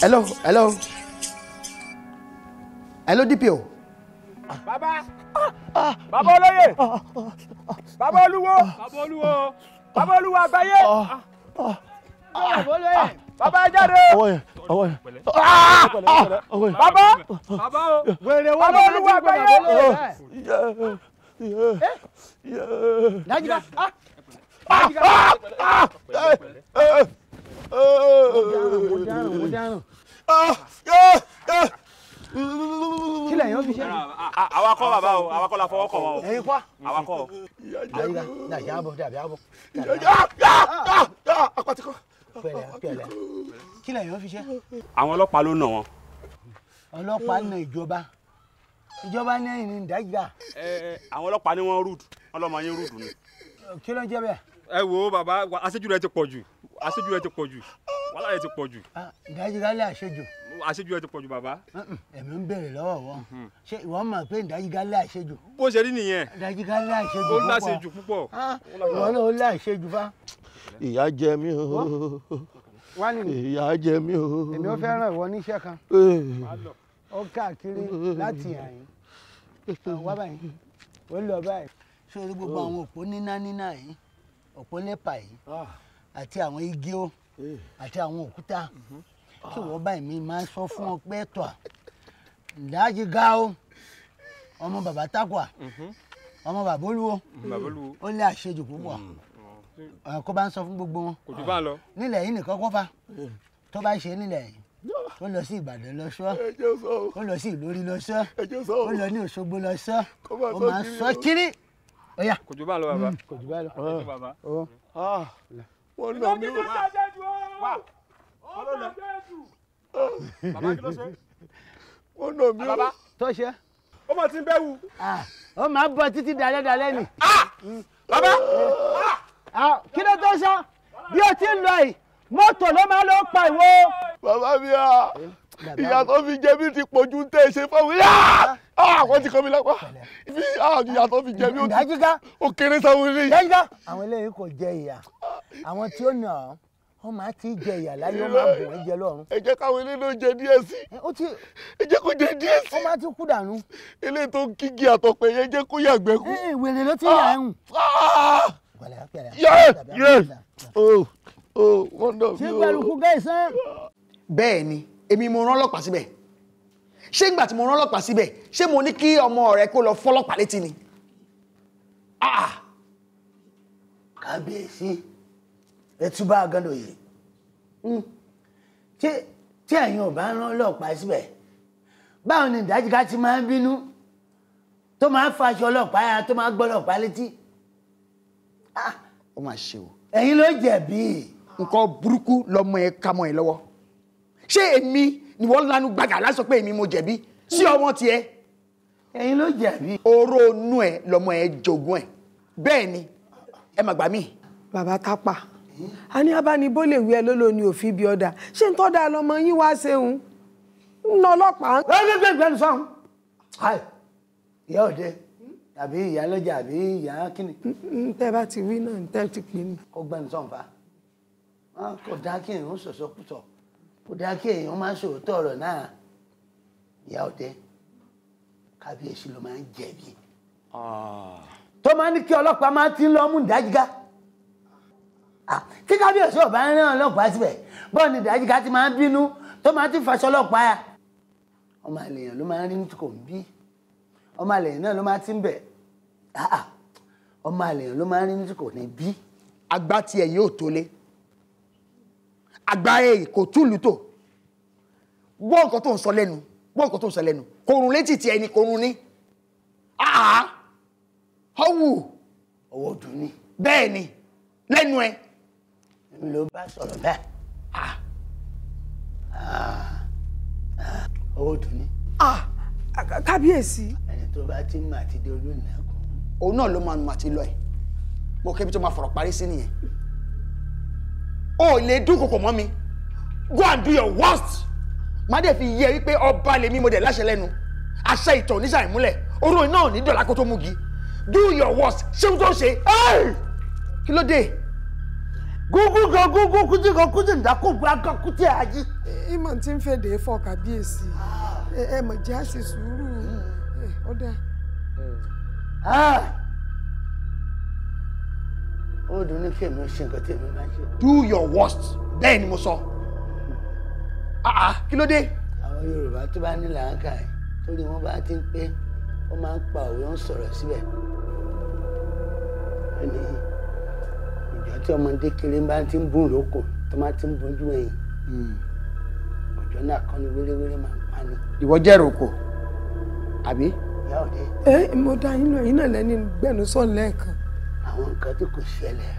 Hello, hello. Hello, DPO. Baba. Ah, ah, Baba Olóyè. Ah, ah, Baba Olúwo. Baba Olúwo bàbá olúwa àgbáyé ah, ah, ah, bàbá jáde o bàbá bàbá olúwa àgbáyé dájúdá mo dáràn mo dáràn kílẹ̀ yẹn fi ṣe. àwa kọ́ bàbá o àwa kọ́ la fọwọ́ kọ̀ wọ́n o. ẹyin kọ́. àwa kọ́ o. àyíká dàbí àbọ̀ dàbí àbọ̀. àpàtì kọ́. pẹ̀lẹ́ pẹ̀lẹ́ kílẹ̀ yẹn fi ṣe. àwọn ọlọ́pàá ló nà wọn. ọlọ́pàá nà ìjọba ìjọba ní ẹ̀yìn ní ìdájà. ẹ àwọn ọlọ́pàá ni wọ́n rúdù wọ́n lọ́mọ yín rúdù ni. kí ló ń jẹ́ bẹ́ẹ̀. ẹ wo bàbá àṣejù rẹ ti pọ̀ jù àṣejù rẹ ti pọ̀ jù wàhálà yẹn ti pọ̀ jù. Ah, ìdájígálẹ̀ àṣejù. àṣejù yẹn ti pọ̀ jù bàbá. ẹ̀mí ń bèrè lọ́wọ́ wọn mm-hmm. ṣé ìwọ mọ̀ pé ìdájígálẹ̀ àṣejù. bó ṣe rí nìyẹn. ìdájígálẹ̀ àṣejù púpọ̀ ó láṣejù púpọ̀. Ah, ìwọ náà ó láṣejù bá. ìyá jẹ mí o ìyá jẹ mí o. èmi ò fẹ́ràn ìwọ níṣẹ́ kan eh. ó káàkiri láti àyín ah, wá báyìí ó lọ báyìí. sórí gbogbo oh. àwọn òpó níná níná yìí òpó nípa àti àwọn igi ó àti àwọn òkúta tí ah. wọ́n báyìí mi máa ń sọ fún ọ pé tọ́ ǹdáàjì ga o ọmọ bàbá Tákwa mhm. ọmọ bàbá Olúwo mhm. ó lé àṣejù púpọ̀ mhm. kó bá ń sọ fún gbogbo wọn kò jù bá lọ nílẹ̀ yìí nìkan kọ́fà eh. tó bá ṣe nílẹ̀ yìí ó lọ sí Ìbàdàn lọ́sọ́ ó lọ sí Ìlọrin lọ́sọ́ ó lọ ní Òṣogbo lọ́sọ́ ó máa ń sọ kiri kò jù bá lọ bàbá hmm. kò jù bá lọ. Hmm. Ah. Oh. wọ́n wá kọ́ló lẹ. bàbá baba ló ṣe. ó nà mí o. tó ṣe. ó mọ̀ tí ń bẹ́wù. ó máa ń bọ̀ títí dalẹ́ dalẹ́ ni. bàbá. kí ló tó sọ bí o ti ń lọ yìí mọ́tò ló máa lọ pa ìwọ. bàbá mi à eh, ìyá tó fi jẹ mí ti pọ̀jù ń tẹ̀ ṣe fáwọn yá àwọn ti kọ́ mi lápá ìyá tó fi jẹ mí ó kéré sáwọn eléyìí. àwọn eléyìí kò jẹ ìyà àwọn tí ó nà án wọ́n máa ti jẹ ìyà láyé wọ́n máa bọ̀ ẹ́ jẹ lọ́run. ẹ jẹ́ káwọn ilé náà jẹ díẹ̀ sí i ẹ jẹ́ kó jẹ díẹ̀ sí i. wọ́n máa ti kú dànù. ilé tó ń kígi àtọ̀pẹ̀ yẹn jẹ́ kó yàgbẹ́ kú. ee wèrè ló ti yà ń. yẹ yẹ o o wọ́n dọ̀ mí o. ṣé gbẹrùkú gẹ̀ẹ́sán. bẹ́ẹ̀ ni èmi mo rán ọlọ́pàá síbẹ̀ ṣé ìgbà tí mo rán ọlọ́pàá síbẹ̀ ṣé mo ní kí ọmọ rẹ kó lọ fọlọ́pàá létí ni. Ah, ah. kábíyèsí ẹtú bá gánà yìí tí ẹ̀yin ò bá rán ọlọ́pàá síbẹ̀ báwo ni ìdájíká ti máa ń bínú tó máa ń faṣọ ọlọ́pàá ya tó máa ń gbọ́ ọlọ́pàá létí. Ah! ó mà ṣe o. ẹ̀yin ló jẹ̀bi. nǹkan burúkú lọmọ ẹ ka mọ́ ẹ lọ́wọ́ ṣé èmi ni wọ́n lanu gbàgà lásán pé èmi mo jẹ̀bi sí ọmọ tiẹ̀. ẹ̀yin ló jẹ̀bi. oró inú ẹ lọmọ ẹ jogún ẹ bẹ́ẹ̀ ni ẹ má gbà mí. bàbá tápà a ní abánibó lè wí ẹ lólo ni òfin bí ọ̀dà ṣé ń tọ́da lọmọ yín wá ṣeun ń na ọlọ́pàá. ẹ ní gbẹ̀gbẹ̀ gbẹ̀nu sọ́hún ìyá ọ̀dẹ àbí ìyá lọ́jà àbí ìyá kínní. tẹ bá ti wí náà tẹ ti pè mí. kó gbẹ̀nu sọ́hún fa kò dá kí èèyàn sọ̀sọ̀ kùtọ̀ kò dá kí èèyàn má sòótọ́ ọ̀rọ̀ náà ìyá ọ̀dẹ kábíyèsí ló máa ń jẹ̀bi. Ah. tó máa ní kí ọlọ́pàá máa ti ń lọ́mú ìdájígá tí kábíyèsí ò bá ń rán ọlọ́pàá síbẹ̀ bọ́ọ̀ni ìdájíká ti máa ń bínú tó máa ti faṣọ ọlọ́pàá ọmọ àlèyàn ló máa ń rí ní kò ń bí ọmọ àlèyàn náà ló máa ti ń bẹ̀ ọmọ àlèyàn ló máa ń rí ní kò ní bí. àgbà tiẹ̀ yóò tólé àgbà èyí kò túlù tó gbọ́ nǹkan tó ń sọ lẹ́nu gbọ́ nǹkan tó ń sọ lẹ́nu kò létí tiẹ̀ ni kò rùn ọwọ́ dùn ní bẹ́ẹ̀ ni lẹ́nu ẹ̀ ló bá sọ̀rọ̀ bẹ́ẹ̀. Ah. Ah. owó tún ní. Ah, kábíyèsí. ẹni tó bá ti mà ti di olú ìnáko. òun náà ló máa mà ti lọ ẹ mo kébi tó máa fọ̀rọ̀ parí sí nìyẹn. o ò lè dúnkokò mọ́ mi go and do your worst. má dẹ̀ fi yẹ wípé ọba lèmi mo dẹ̀ láṣẹ lẹ́nu àṣẹ ìtọ̀ oníṣà ìmúlẹ̀ oró iná ò ní dọ̀là kó tó mú gi do your worst ṣé o tó ṣe kí ló dé gugu gan gugu kuti gan kuti ndakugba gan kuti ayi. ìmọ̀ tí ń fèdè fọ kàbíyèsí ẹ mọ̀ jẹ́ àṣẹ sùúrù ọ̀dà. ó dùn ní kí èmi ṣe nǹkan tí èmi máa ṣe. do your worst bẹ́ẹ̀ ni mo sọ ah, ah, kí ló dé. àwọn yorùbá tó bá ní làákà ẹ torí wọn bá ti ń pé wọn máa ń pa òwe sọ̀rọ̀ síbẹ̀ ẹni yìí tí ọmọdé kéré bá ti ń bùn lóko tó máa ti ń bójú ẹ̀yìn ọjọ́ hmm. náà kọ́ ni wéréwéré máa ń pa ni. ìwọ jẹ́rìí oko àbí. ìyá òde. ẹ mo dá yín lóyún náà lẹ́ni gbẹ̀nu sọ̀ lẹ́ẹ̀kan. àwọn nǹkan tí kò ṣẹlẹ̀ rí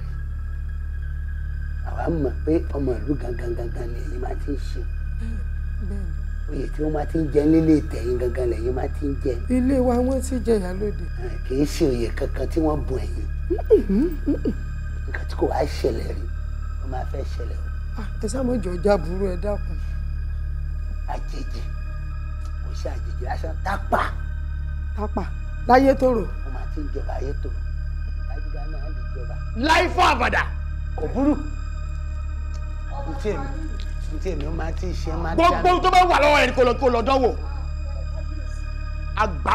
àwa mọ̀ pé ọmọ ìlú gangan gangan lẹ́yìn máa ti ń ṣe oyè tí wọ́n máa ti ń jẹ nílé ìtẹ̀yìn gangan lẹ́yìn máa ti ń jẹ. ilé wa wọ́n ti jẹ ìyálóde. kì í ṣe oyè kankan tí wọ́n bùn ẹ̀yìn. Hmm, hmm, nǹkan tí kò wá ṣẹlẹ̀ rí ó máa fẹ́ ṣẹlẹ̀ o. Ah, ẹ sáàmù ìjọ ìjà burú ẹ dákun. àjèjì kò ṣe àjèjì lásán tápà. tápà láyé tòrò. mo máa ti ń jọba ayé tòrò ìdájúdá náà lè jọba. láì fún àbàdà. kò burú. ntí èmi ntí èmi ó máa ti ṣe máa dá mi. gbogbo tó bá wà lọ́wọ́ ẹni kò lọ́dọ́ wò àgbà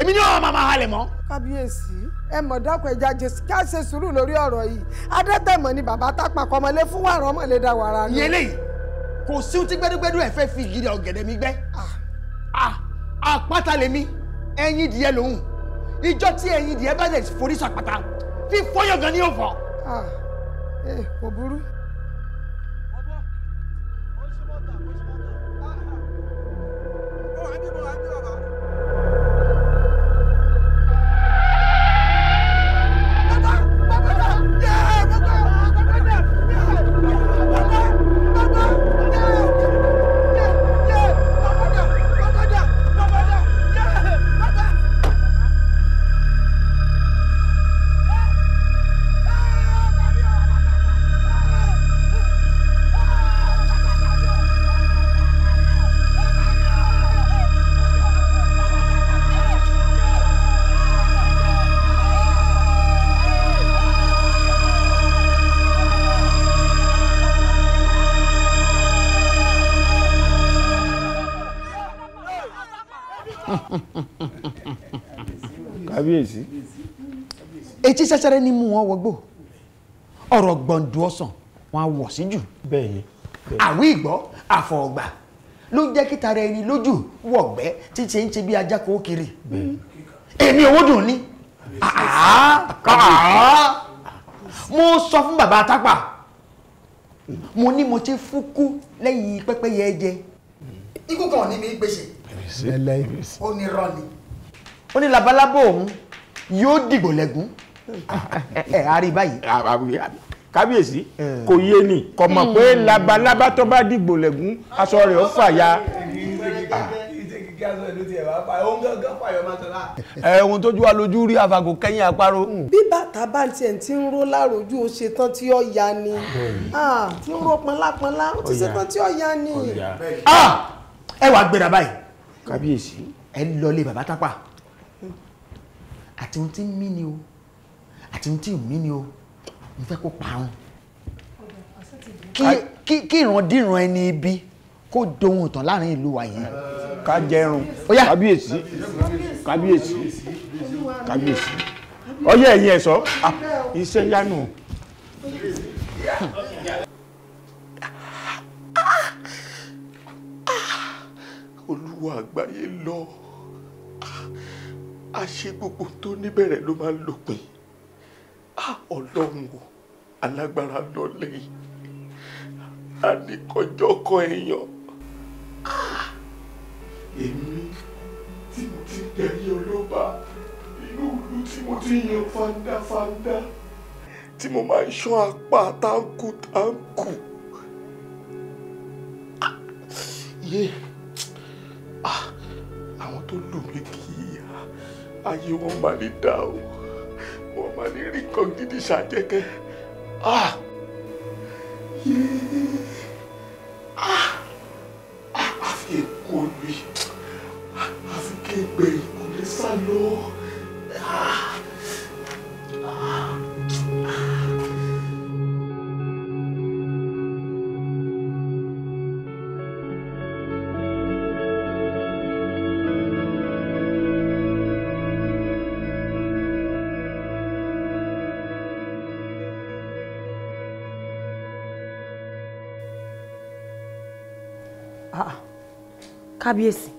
èmi ni wọn máa máa halẹ̀ mọ́. kábíyèsí ẹ mọ̀ dákun ẹja jésù ká ṣe sùúrù lórí ọ̀rọ̀ yìí adẹ́tẹ̀mọ̀ ni bàbá tápàkọ́ ọmọlé fún wàrà ọmọlé dá wàrà ni. ìyẹlẹ yìí kò sí ohun tí gbẹdúgbẹdú ẹ fẹ́ fi ìgìrì ọ̀gẹ̀dẹ̀ mi gbẹ́. Ah. Ah, àpáta lèmi ẹyin dìé lòun ìjọ tí ẹyin dìé bá lè forí sàpàtà fífọyọ̀ gan ni yóò fọ. Ah, eh, kò burú. Oh, I etí ṣẹṣẹrẹ ni mú wọn wọgbó ọ̀rọ̀ gbọ̀ǹdù ọ̀sán wọn á wọ̀ sí jù. bẹ́ẹ̀ni. àwí ìgbọ́ àfọ̀ọ̀gbà ló jẹ́ kí tara ẹni lójú wọ̀gbẹ́ tí ṣe ń ṣe bí ajá kó kiri. èmi owó dùn ní. mo sọ fún bàbá atápà mo ní mo ti fúkú lẹ́yìn pẹ́pẹ́yẹ jẹ ikú kan ní mi gbèsè ó ní rọ ni ó ní labalábó òun yóò dìgbò lẹ́gùn ẹ a rí báyìí. kábíyèsí kò yé ni kò mọ̀ pé labalábá tó bá dìgbò lẹ́gùn aṣọ rẹ̀ ó fàya. ẹ̀hún tójú wa lójú rí àfàgò kẹ́yìn àparò. bí bàtà bá tiẹ̀ ti ń ró lárojú o ṣe tán tí ó ya ni hmm. tí ń ró pọnlápọnlá o ti ṣe tán tí ó ya ni. ẹ wàá gbéra báyìí. kábíyèsí ẹ lọ lé bàbá tápà hmm. àti ohun tí ń mí ni o àti ní tí mi ni o mo fẹ́ kó parun kí ìrandíran ẹni ibi kó dohun ìtàn láàrin ìlú wa yẹn. ká jẹrun kábíyèsí kábíyèsí kábíyèsí ọyẹ ẹ̀yin ẹ̀ṣọ́ iṣẹ́ yánu. olúwa àgbáyé lọ a ṣe gbogbo tó níbẹ̀rẹ̀ ló máa ń lòpin ọlọ́run o alágbára lọ́lẹ̀ yìí àníkọjọ́kọ èèyàn èmi tí mo ti dẹ̀rí ọlọ́ba inú ìlú tí mo ti yan fandafanda tí mo máa ń ṣọ́ apá táǹkù ah, àwọn tó lù mí kì ayé wọn máa lè dá o mà rikong rí saja ke, Ah! Yeah. kábíyèsí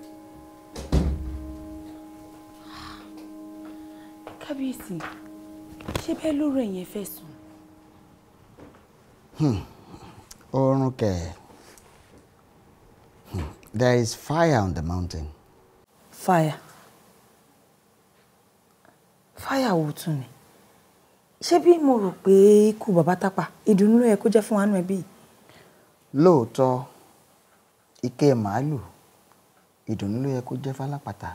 kábíyèsí ṣé bẹ́ẹ̀ lóru ẹ̀yẹn fẹ́ sùn. Hmm. oorun kẹ hmm. there is fire on the mountain. fire fire wo tún ni ṣé bí mo rò pé ikú bàbá tápà ìdùnnú ló kó jẹ́ fún wa ẹbí. lóòótọ́ ike màálùú ìdùnnú ló yẹ kó jẹ́ fálápàtà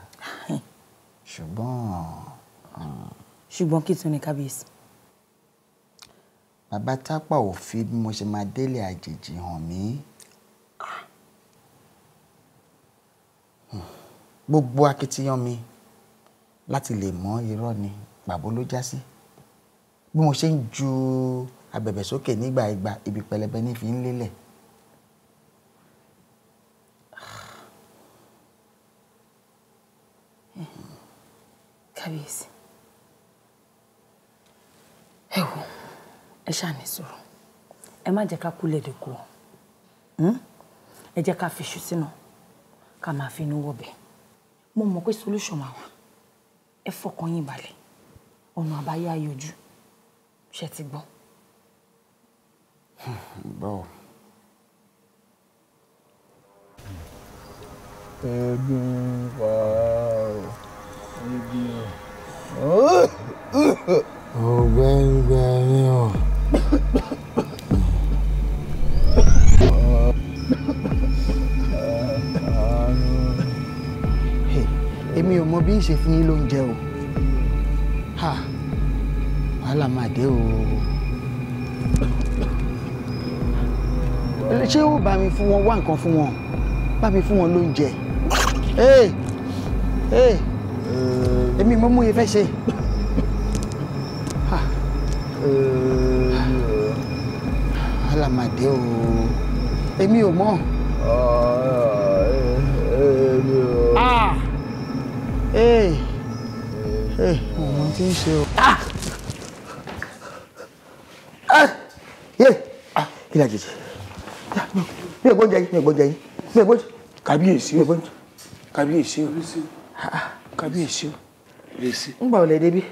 ṣùgbọ́n. Hmm. ṣùgbọ́n kí tún ni kábíyèsí. bàbá tápà ò fi bí mo ṣe máa délé àjèjì hàn mí. gbogbo akitiyan mi láti lè mọ irọ́ ni pàbó ló já sí bí mo ṣe ń ju abẹ̀bẹ̀ sókè nígbà ìgbà ibi pẹlẹbẹ ní fi ń lélẹ̀ kábíyèsí ẹ wò ẹ ṣàní sọ̀rọ̀ ẹ má jẹ́ ká kú lẹ́dẹ̀ kú ọ hmm? ẹ jẹ́ ká fiṣu sínú ká máa fi inú wọ̀bẹ̀ mo mọ̀ pé solution máa wà ẹ fọkàn yín balẹ̀ ọ̀nà àbáyé ayọjú ṣe ti gbọ́. báwo. ẹ̀gbìn wàá ọ̀gbẹ́ngbẹ́ ni ọ̀. èmi ò mọ bí ń ṣe fún yín lóúnjẹ o wàhálà máa dé o ṣé ó bá mi fún wọn wá nǹkan fún wọn bá mi fún wọn lóúnjẹ. Hey! Hey! Eh, èmi mo mú yẹ fẹ́ ṣe. Eh, alamade o èmi ò mọ̀. ọmọ ah, eh, ah. tí ń ṣe o. ilé ah! àjèjì mi ò gbọ́njẹ yín mi ò gbọ́njẹ yín mi ò gbọ́njẹ kábíyèsí o kábíyèsí o kábíyèsí o kábíyèsí. ń gbà ò lè débi.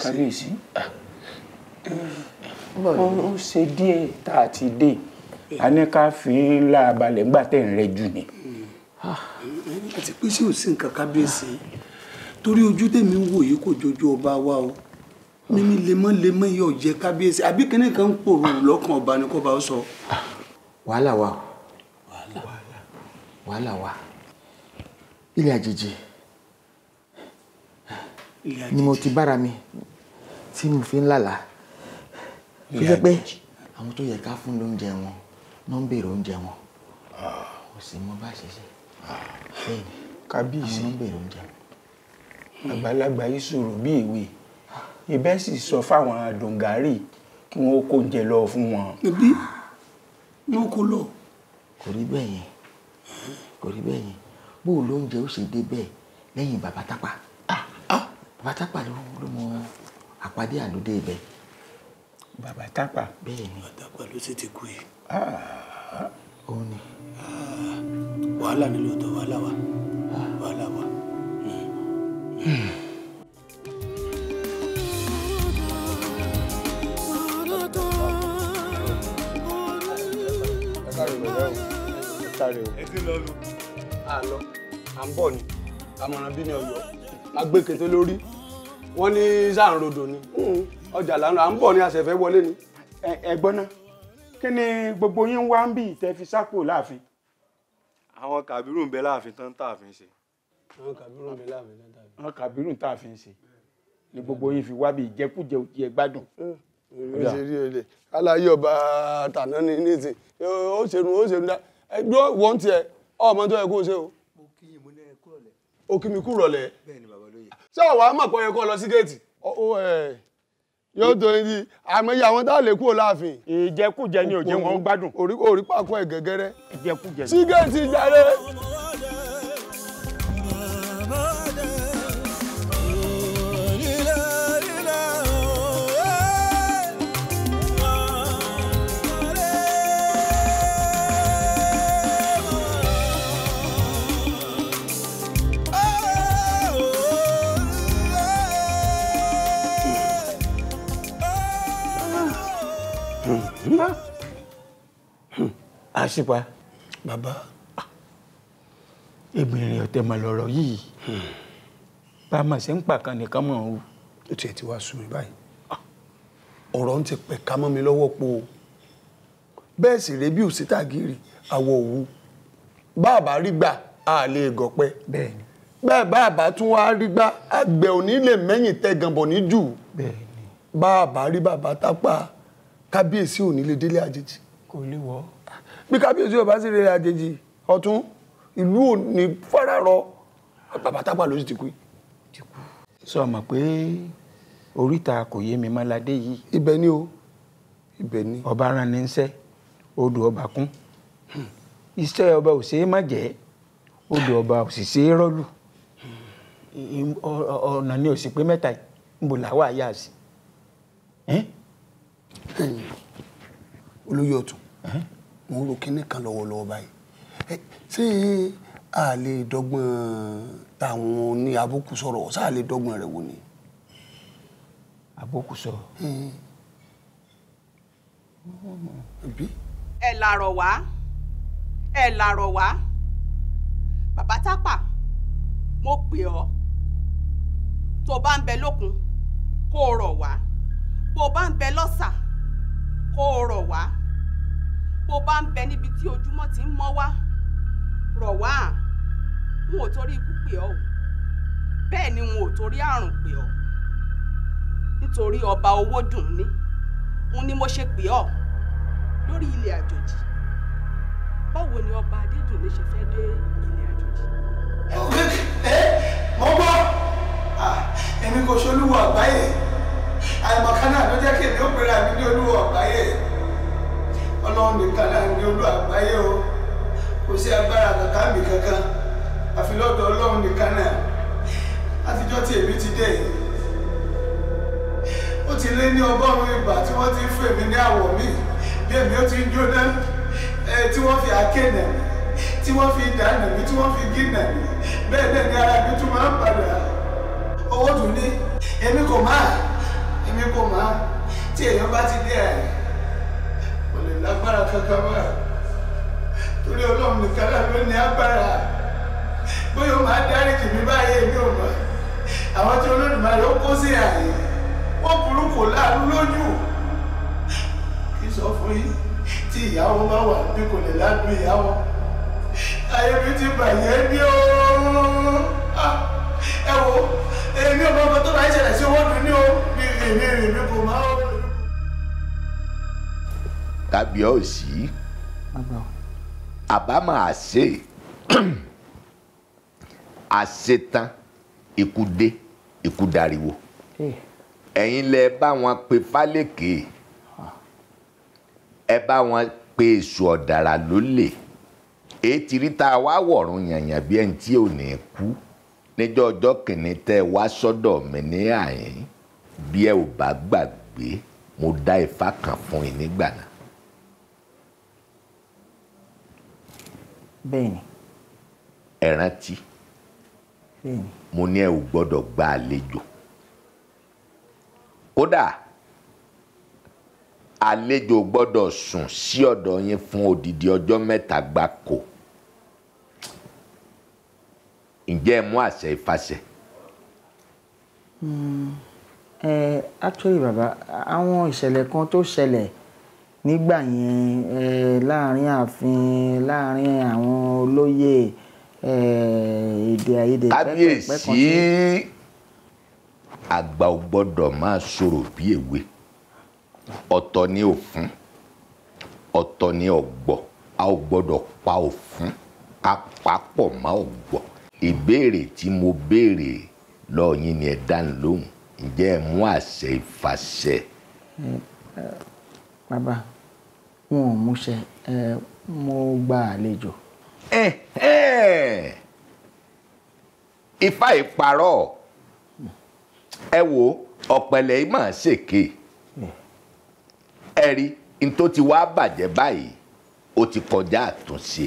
kábíyèsí. Ah. ó ṣe díẹ̀ tá a ti dé a ní ká fi ń la balẹ̀ ńgbà tẹ̀ ń rẹ jù ni. àti pé ṣé ò sí nǹkan kábíyèsí torí ojú tèmi ń wò yìí kò jojú ọba wa o mímí lemọ́lemọ́ yóò jẹ kábíyèsí àbí kíní kan ń pòrò lọ́kàn ọba ni kò bá sọ. wàhálà wa wàhálà wa ilé àjèjì ni mo ti bára mi tí mo fi ń lálàá tó jẹ́ pé àwọn tó yẹ ká fún lóúnjẹ wọn ló ń béèrè oúnjẹ wọn ah. kò sì mọ bá ṣe ṣe ah. bẹ́ẹ̀ ni kábíyèsí ń béèrè oúnjẹ wọn. Hmm. àgbàlagbà yìí sọ̀rọ̀ bí èwe ibẹ̀ sì sọ fáwọn adùngárì kí wọ́n kó oúnjẹ lọ fún wọn. ẹbí ló kó lọ. kò rí bẹ́ẹ̀ yẹn kò rí bẹ́ẹ̀ yẹn bó o lóúnjẹ ó ṣe dé bẹ́ẹ̀ lẹ́yìn bàbá tápà bàbá tápà ló mọ àpàdé àdúdé ibẹ̀. bàbá tápà. bẹ́ẹ̀ ni. bàbá tápà ló sì ti kú yìí. ó ah, ní. Ah, wàhálà nílò ọ̀tọ̀ wàhálà wa wàhálà wa. Hmm. sáré o. ẹ ti lọ lu. a lọ à ń bọ̀ ni àmọ̀ràn bí ni ọ̀yọ́ agbẹ́kẹ̀tẹ̀ lórí wọ́n ní sáàrùn rodò ni hmm. ọjà là ń ń bọ̀ ní àṣẹfẹ́ wọlé ni. ẹ̀gbọ́n náà kí ni gbogbo yín wá ń bì tẹ́ fi sápò láàfin. àwọn kàbírù ń bẹ láàfin tán tá a fi ń ṣe. àwọn kàbírù ń bẹ fi ń ṣe. àwọn kàbírù tá a fi ń ṣe ni gbogbo yín fi wá bí ìjẹkújẹ òkè ẹ gbádùn. Hmm. ọba tàná ní nísìn ó ṣerú ó ṣerú dá ẹgbẹ́ wọ́n tiẹ̀ ọmọ tó yẹ kó ṣe o. mo kí kúrọ̀lẹ́ ṣé ọ̀wá mọ̀ pé ó yẹ kó lọ sí géètì. yóò tó yín di àmọ́ iye àwọn tá a lè kúrò láàfin. ìjẹkújẹ ni òjé wọn gbádùn. orí pàkó ẹ̀ gẹ́gẹ́rẹ́. ìjẹkújẹ ni. sí géètì jàre. àṣìpa. bàbá. ebìnrin ọ̀tẹ̀ mà lọ̀rọ̀ yìí bá a mà ṣe ń pàkan nìkan mọ̀ o. ó tiẹ̀ ti wá sùn báyìí ah. ọ̀rọ̀ ń ti pẹ̀ ká mọ́ mi lọ́wọ́ po bẹ́ẹ̀ sì rèébí ò sí tàgìrì àwọ̀ òwú bàbá rí gbà á lè gọ̀pẹ́ bẹ́ẹ̀ bàbá tún wá rí gbà àgbẹ̀ ò ní lè mẹ́yìn tẹ́ gànbọ̀ ní jù bàbá rí bàbá tápà kábíyèsí ò ní lè délé àjèjì. kò lè bí kábíyèsí ọba sì rere àjèjì ọ̀tún ìlú òní fárárọ bàbá tápà ló sì ti kú. sọ ma pé oríta kò yé mi mọ́ládé yìí. ibẹ̀ ni o ibẹ̀ ni. ọba ara ní sẹ́ odò ọba kún iṣẹ ọba ò ṣe é má jẹ́ odò ọba ò sì ṣe é rọ́lù ọ̀nà ni ò sì pé mẹ́ta yìí níbo làwọn àyà sí. olóyè ọ̀tún mo ń ro kinní kan lọ́wọ́lọ́wọ́ báyìí ṣé a lè dọ́gbọ́n táwọn ní abókù sọ̀rọ̀ ṣá a lè dọ́gbọ́n rẹ̀ wò ni. abókù sọ̀rọ̀. Hmm. ẹ làrọ̀ wá ẹ làrọ̀ wá bàbá tápà mo pè ọ́ tó bá ń bẹ lókun kó o rọ̀ wá bó o bá ń bẹ lọ́sà kó o rọ̀ wá bó bá ń bẹ níbi tí ojúmọ́ ti ń mọ́ wá rọ̀ wá n ò torí ikú pè ọ́ bẹ́ẹ̀ ni n ò torí àrùn pè ọ́ nítorí ọba owó dùn ní n ni mo ṣe pè ọ́ lórí ilẹ̀ àjòjì báwo ni ọba adédùnní ṣe fẹ́ dé ilẹ̀ àjòjì. ẹ mọ gbọ́ èmi kò ṣolúwo àgbáyé àìmọ̀kánná ló jẹ́ kí èmi ó pera mi ní olúwo àgbáyé ọlọ́run nìkan náà ní olú àgbáyé o kò sí agbára kankan mi kankan àfi lọ́dọ̀ ọlọ́run nìkan náà àtijọ́ tí èmi ti dé yìí ó ti lé ní ọgọ́rùn-ún ìgbà tí wọ́n ti ń fún èmi ní àwọ̀ mi bí èmi ó ti ń jóná tí wọ́n fi àáké nà tí wọ́n fi dà nà tí wọ́n fi gí nà mí bẹ́ẹ̀ ni ara mi tún máa ń padà owó dùn ní èmi kò máa èmi kò máa tí èèyàn bá ti dé àyè lágbára kankan mọ́ torí ọlọ́run nìkan náà ló ní agbára bóyá ó máa dáríjì mi báyé mi ò mọ̀ àwọn tí olódùmarè ó kó sí àyè wọ́n burú kò láàánú lójú kí sọ fún yín tí ìyàwó bá wà bí kò lè ládùn ìyàwó ayé mi ti bàyẹ́ bí ooo ah, ẹ wo èmi ò mọ ọmọ tó bá ń ṣẹlẹ̀ sí owó dùn ní o mi rìn mi rìn mi kò máa ń kábíọ̀sí àbámọ̀ àṣe àṣetán ikúdé ikúdariwo ẹ̀yin lẹ bá wọn pe fálẹ́kè ẹ bá wọn pe èso ọ̀dàrà lólè ètí rí tá a wá wọ̀rùn yànyàn bí ẹni tí ò ní kú níjọ́ ọjọ́ kìíní tẹ́ wá sọ́dọ̀ mi ní àyín bí ẹ ò bá gbàgbé mo dá Ifá kan fún yín nígbà náà. bẹ́ẹ̀ni. ẹ rántí. bẹ́ẹ̀ni. mo ní ẹ ò gbọ́dọ̀ gba àlejò. kódà àlejò gbọ́dọ̀ sùn sí ọ̀dọ̀ yín fún odidi ọjọ́ mẹ́ta gbáko. ǹjẹ́ ẹ mú àṣẹ ìfàṣẹ. ẹ hmm. eh, actually bàbá àwọn ìṣẹ̀lẹ̀ kan tó ṣẹlẹ̀. Mm, nígbà yẹn ẹ láàrin ààfin láàrin àwọn olóyè èdè àìyedè pẹ́kọ̀pẹ́kọ̀ sí. àgbà ò gbọ́dọ̀ máa sọ̀rọ̀ bí èwe ọ̀tọ̀ ni òfin ọ̀tọ̀ ni ọ̀gbọ̀ a ò gbọ́dọ̀ pa òfin a papọ̀ má ọ̀gbọ̀ ìbéèrè tí mo béèrè lọ́ọ́ yín ni ẹ dá ń lóhùn ǹjẹ́ ẹ mú àṣẹ ìfàṣẹ. bàbá wọn ò múṣẹ ẹ mo gba àlejò. ẹ ẹ ifá ìparọ́ ẹ wo ọ̀pẹ̀lẹ̀ yìí máa ṣèké ẹ rí n tó ti wá bàjẹ́ báyìí ó ti kọjá àtúnṣe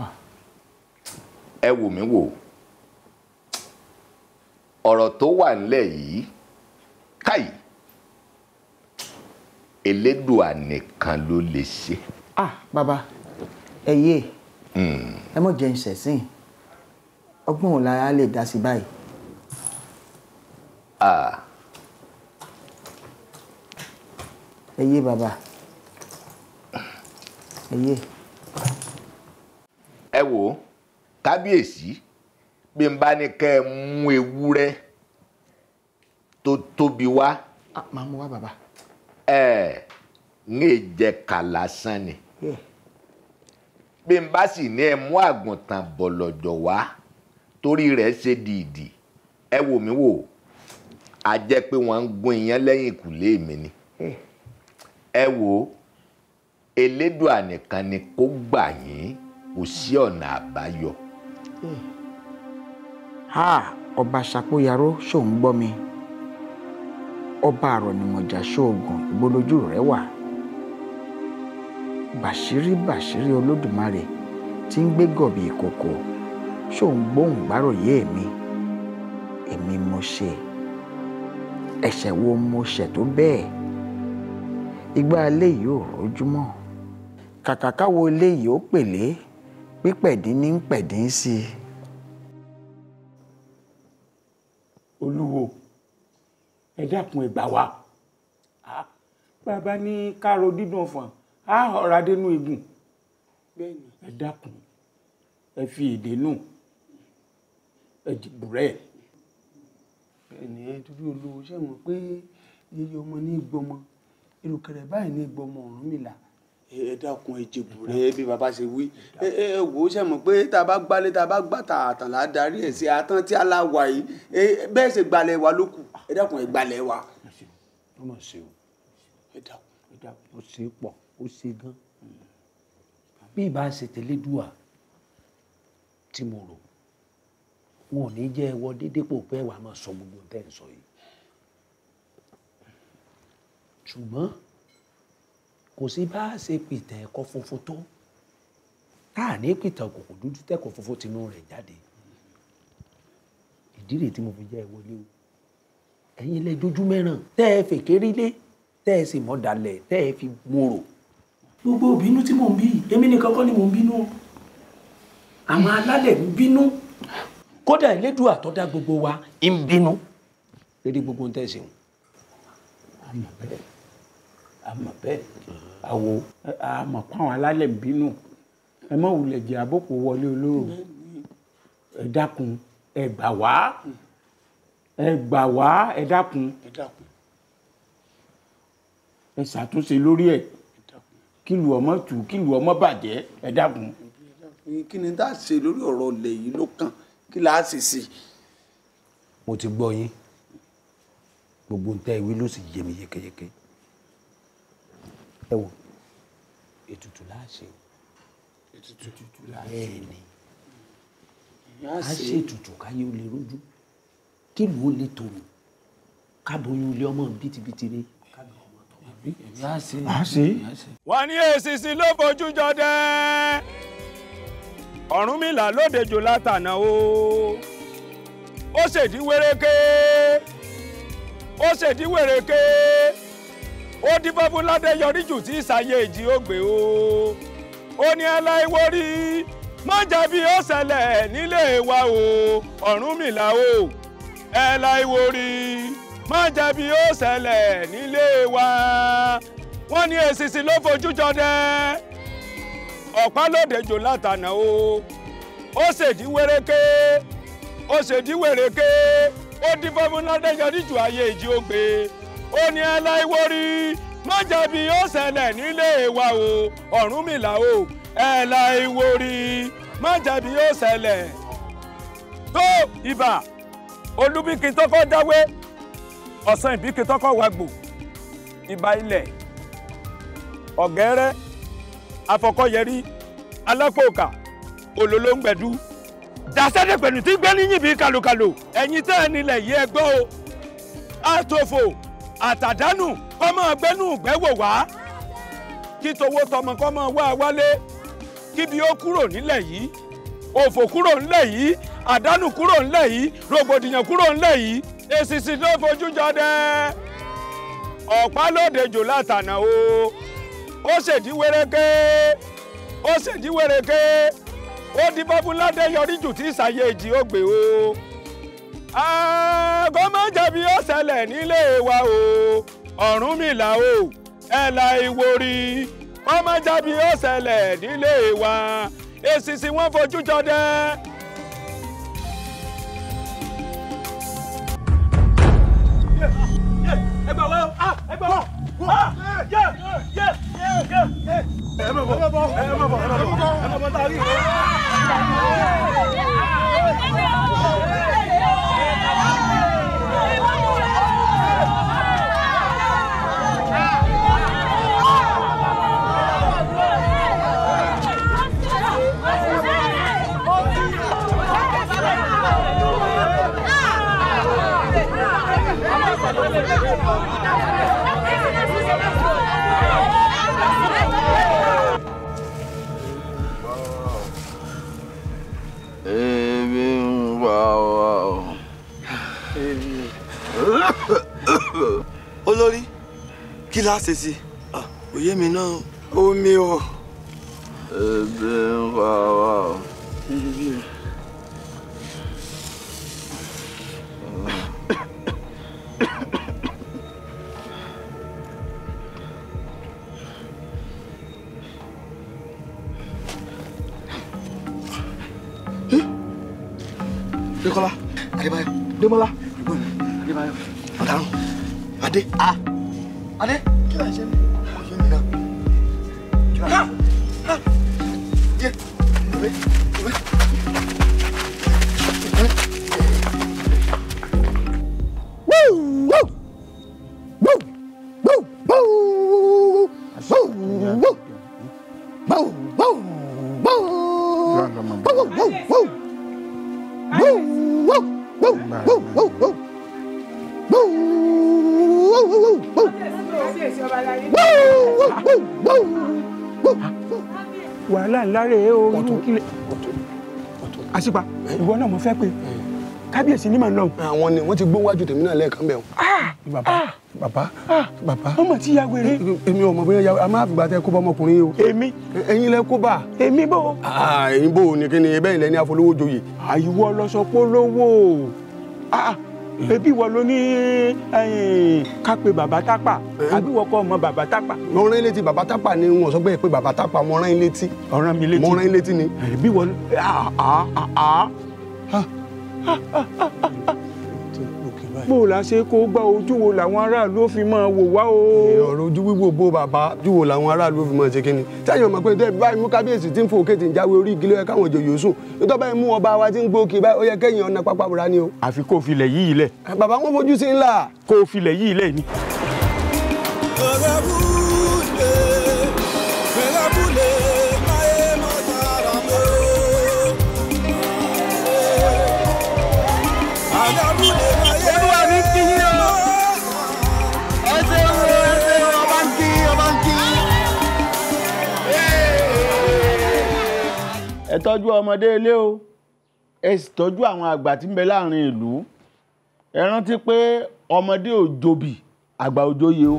ah. ẹ wò mí wò ọ̀rọ̀ tó wà nílẹ̀ yìí káyìí Elédùà nìkan ló lè ṣe. ah baba, ẹ yé hmm. ẹ mọ̀ jẹ́ ìṣẹ̀sìn ọgbọ́n òlára lè dá sí báyìí. ah. ẹ yé bàbá ẹ yé. ẹ wò kábíyèsí bí n bá ní kẹ́ ẹ mú ewúrẹ́ tó tóbi wá. ah máa mú wá bàbá. ẹ ń jẹ kà lásán ni bí n bá sì ní ẹ mú àgùntàn bọ̀lọ̀jọ̀ wá torí rẹ̀ ṣe dìídì ẹ wò mí wò a jẹ́ pé wọn ń gún iyán lẹ́yìn ìkùlé mi ni ẹ wò Elédùà nìkan ni kó gbà yín kò sí ọ̀nà àbáyọ. ọba ṣàpòyàrá ṣòun gbọ́ mi. ọba àrọ̀nìmọ̀jà ṣoògùn ìbolójú rẹ wà bàṣírí bàṣírí olódùmarè tí ń gbé gọ̀bì ìkòkò ṣóun gbóhùn gbáròyé mi èmi mo ṣe ẹ̀ṣẹ̀ wo mo ṣẹ̀ tó bẹ́ẹ̀ igbá ilé yìí ò rójúmọ́ kàkà káwo ilé yìí ó pèlé pípẹ̀dín ní pẹ̀dín sí i. olúwo ẹ dákun ẹ gbà wá bàbá ní káàró dídùn ọ̀fàn á ọ̀rá dénú egun ẹ dákun ẹ fi èdè nù ẹ dìbò rẹ. ẹnì ẹ torí olówó ṣe mọ̀ pé yíyí ọmọ ní gbọmọ èrò báyìí ní gbọmọ Ọ̀rúnmìlà ẹ dákun ẹ jẹ bùrẹ́ bí baba ṣe wí ẹ ẹ wò ó ṣe mọ̀ pé tá a bá gbálé tá a bá gbàtà àtàlà darí ẹ̀ sí àtàn tí a la wà yìí bẹ́ẹ̀ ṣe gbalẹ̀ wa ló kù ẹ dákun ẹ gbalẹ̀ wa. ó mà ṣe o ẹ dákun ẹ dákun ó ṣe pọ̀ ó ṣe gan bí ìbá ṣe tẹ̀lé dùà tí mo rò wọn ò ní jẹ́ ẹwọ́ dídépò pé wàá máa sọ gbogbo tẹ́ ń sọ yìí ṣùgbọ́n kò sí bá a ṣe pìtàn ẹ̀kọ́ funfun tó tá à ní pìtàn kòkò dúdú tẹ́kọ̀ funfun tinú rẹ̀ jáde ìdí rèé tí mo fi jẹ́ ẹ wọlé o ẹ̀yin lẹ dojú mẹ́ràn tẹ́ ẹ fèkéré lé tẹ́ ẹ sì mọ̀dàlẹ̀ tẹ́ ẹ fi mòrò. gbogbo ìbínú tí mò ń bí èmi nìkan kọ́ ni mò ń bínú àwọn alálẹ̀ ń bínú kódà Elédùà tó gbogbo wa ń bínú lédè gbogbo ń tẹ̀sí wọn ama bẹ́ẹ̀ awo, ama pàwọn alálẹ̀ ń bínú ẹ mọ̀ wulẹ̀ jẹ́ àbòkù wọlé olóró ẹ dákun ẹ gbà wá ẹ gbà wá ẹ dákun ẹ ṣàtúnṣe lórí ẹ kílù ọmọ tù kílù ọmọ bàjẹ́ ẹ dákun. kí ni tá a lórí ọ̀rọ̀ ilẹ̀ yìí ló kàn kí la ṣe ṣe. mo ti gbọ́ yín gbogbo ń ìwé ló sì yé mi yékéyéké ẹ wò ètùtù láṣẹ ètùtù láṣẹ ni a ṣe ètùtù káyé ó lè rójú kí ló lè tòun kábòyún ilé ọmọ bìtìbìtì rẹ wọ́n ní èsìsì ló fojú jọ dẹ́ Ọ̀rúnmìlà lódejò látànà o ó ṣèdí wéréké ó ṣèdí wéréké ó dífá fún Ládéyọríjù tí ìsàyè ìjì ó o ó ní aláìwórí mọ́jà bí ó ṣẹlẹ̀ nílé wa o Ọ̀rúnmìlà o aláìwórí mọ́jà bí ó ṣẹlẹ̀ nílé wa wọ́n ní èsìsì ló fojú jọdẹ ọ̀pá lóde jò látànà o ó ṣèdí wéréké ó ṣèdí wéréké ó dífá fún Ládéyọríjù ayé ìjì ó ó ní Ẹláìwórí mọ́jàbí ó ṣẹlẹ̀ nílé wa o Ọ̀rúnmìlà o Ẹláìwórí mọ́jàbí ó ṣẹlẹ̀ tó ibà olúbíkí tọ́kọ́ dáwé ọ̀sán ìbíkí tọ́kọ́ wàgbò ibà ilẹ̀ ọ̀gẹ́rẹ́ afọkọ́yẹrí alápòkà olólóńgbẹ̀dú dàsẹ́dẹ̀ pẹ̀lú tí gbẹ́ni yìnbí kàlòkàlò ẹ̀yin tẹ́ ẹ nílẹ̀ yìí ẹ o àtòfò àtàdánù kọ́ máa gbẹ́nú gbẹ́wò wá kí towó tọmọ kọ́ máa wá wálé kíbi ó kúrò nílẹ̀ yìí òfò kúrò nílẹ̀ yìí àdánù kúrò nílẹ̀ yìí rògbòdìyàn kúrò nílẹ̀ yìí èsìsì ló fojú jọdẹ ọ̀pá lóde jò látànà o ó ṣèdí wéréké ó ṣèdí wéréké ó di bábúládé yọrí jù tí ìsàyè èjì ó gbé o. àgọ́mọ̀jẹ̀bi ó ṣẹlẹ̀ nílé wa o Ọ̀rúnmìlà o ẹ̀là ìwòrì kọ́mọ̀jẹ̀bi ó ṣẹlẹ̀ nílé wa èsìsì wọn fojú jọ dẹ́. ẹ gbà wá ẹ gbà wá ẹ mọ̀ bọ̀ tá a rí i. olórí kí la ṣe sí ah, òye mi náà omi o. ebi ń pa wá o. Eh? Dekola, Adébáyọ̀, Démọ́lá. Ade. Ah. Ade. Kira saya. fẹ́ pé kábíyèsí ni mà ń àwọn ni wọ́n ti gbó wájú tèmi náà lẹ́ẹ̀kan bẹ́ẹ̀ ah! bàbá ah! bàbá ah! bàbá. ọmọ tí ya wèrè. èmi ò mọ̀ bóyá a máa gbà tẹ kó bá ọmọkùnrin yìí o. èmi. ẹ̀yin lẹ kó bá. èmi bò. ẹ̀yin bò ní kí ni bẹ́ẹ̀ lẹ ní àfọlówó joyè. àyíwọ́ lọ́sọpọ̀ lówó ebi hmm. wọ ló ní ká pe bàbá tápà hmm. wọ kọ ọmọ bàbá tápà. mo rán létí bàbá tápà ni wọn sọ pé pé bàbá tápà mo rán létí. ọ̀ràn mi létí mo rán létí ni. ebi wọ ah ah ah bó o la ṣe kó gbá ojú wo làwọn aráàlú ó fi máa wò wá o. ọ̀rọ̀ ojú wíwò bó bàbá ojú wo làwọn aráàlú ó fi máa ṣe kínni. sẹ́yìn ọmọ pé tẹ́ẹ̀ báyìí mú kábíyèsí tí ń fò kéde ìjáwé orí ìgilẹ̀ ẹ̀ káwọn ìjòyè sùn nítorí báyìí mú ọba wa tí ń gbókè báyìí ó yẹ kẹ́yìn ọ̀nà pápá bùrá ni o. àfi kó filẹ̀ yí ilẹ̀. bàbá wọn fojú sí ńlá. kó filẹ̀ yí ilẹ̀ ni. ẹ tọ́jú ọmọdé ilé o ẹ sì tọ́jú àwọn àgbà tí ń bẹ láàrin ìlú ẹ rántí pé ọmọdé ò jòbì àgbà ò jóye o.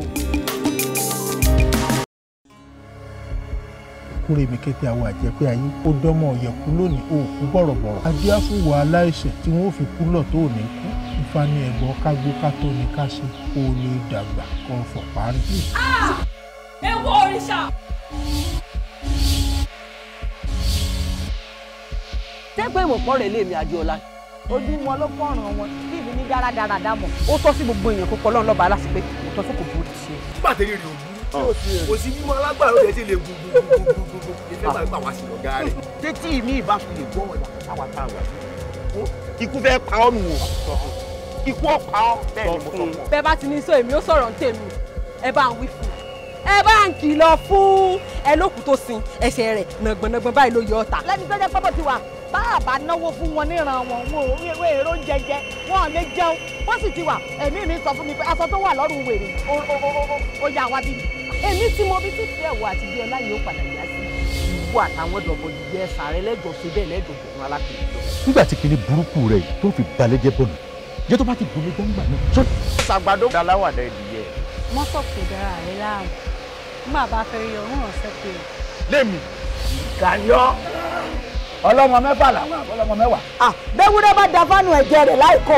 kúrè mi kété àwọn àjẹpé ayé ó dánmọ ọyẹkú lónìí òkú bọ̀rọ̀bọ̀rọ̀ adíáfúwò aláìṣẹ̀ tí wọn ò fi kú lọ tó ní kú ìfà ni kágbó ká tó ní ká ṣe kó o lè dàgbà kó o parí. ẹ wo òrìṣà. ṣẹ́pẹ́ ìmọ̀pọ̀ rẹ̀ lémi Adéọlá. ojú wọn ló fọ́ràn wọn tí ìbí ní dáradára dámọ̀ ó tọ́ sí gbogbo èèyàn kókó ọlọ́run lọ́ba aláṣẹ pé ìtọ́ sí kò burú ti ṣe. pàtẹ́ rírì òbú kò sí mímọ alágbára ó ṣe lè gbogbogbogbogbò ìfẹ́ máa gbà wá sí ọ̀gá rẹ̀. tètè mi ìbá fi lè gbọ́ ọ̀dà táwa táwa ikú fẹ́ pa ọ́ nù ikú ó pa ọ́ bẹ́ẹ̀ mo sọ ẹ bá ń kìlọ̀ fún ẹ lókùú sin ẹsẹ̀ rẹ̀ nàgbọ̀nàgbọ̀n báyìí ló yọ ọ́ ta. lẹ́nu tó jẹ́ pọ́pọ́ ti wà bá àbá náwó fún wọn níran wọn wọn ò wéwé èrò jẹjẹ wọn ò lè jẹun wọn sì ti wà ẹ̀mí mi sọ fún mi pé aṣọ tó wà lọ́rùn wèrè ó yà wá bí èmi tí mo bí tí ìfẹ́ ẹ̀wọ̀ àti bí ọlá yìí ó padà yá sí ìwọ àtàwọn dọ̀bọ̀ jẹ sàrẹ́ lẹ́jọ́ ṣe bẹ́ẹ̀ lẹ́jọ́ fún alákùnrin. nígbà tí kinní burúkú rẹ yìí tó fi balẹ̀ jẹ́ bọ́ọ̀lù jẹ́ tó bá ti gbomi gbọ́ngbà náà. sàgbàdo daláwàdà ìdíyẹ. mọ́tò kò dára rẹ láàmú má bàa fẹ́ yọ ọlọ́mọ mẹ́fà làwọn àbọ̀lọ́mọ mẹ́wàá. bẹ́ẹ̀ ah, wúdọ́ bá da fánù ẹ̀jẹ̀ rẹ̀ láìkó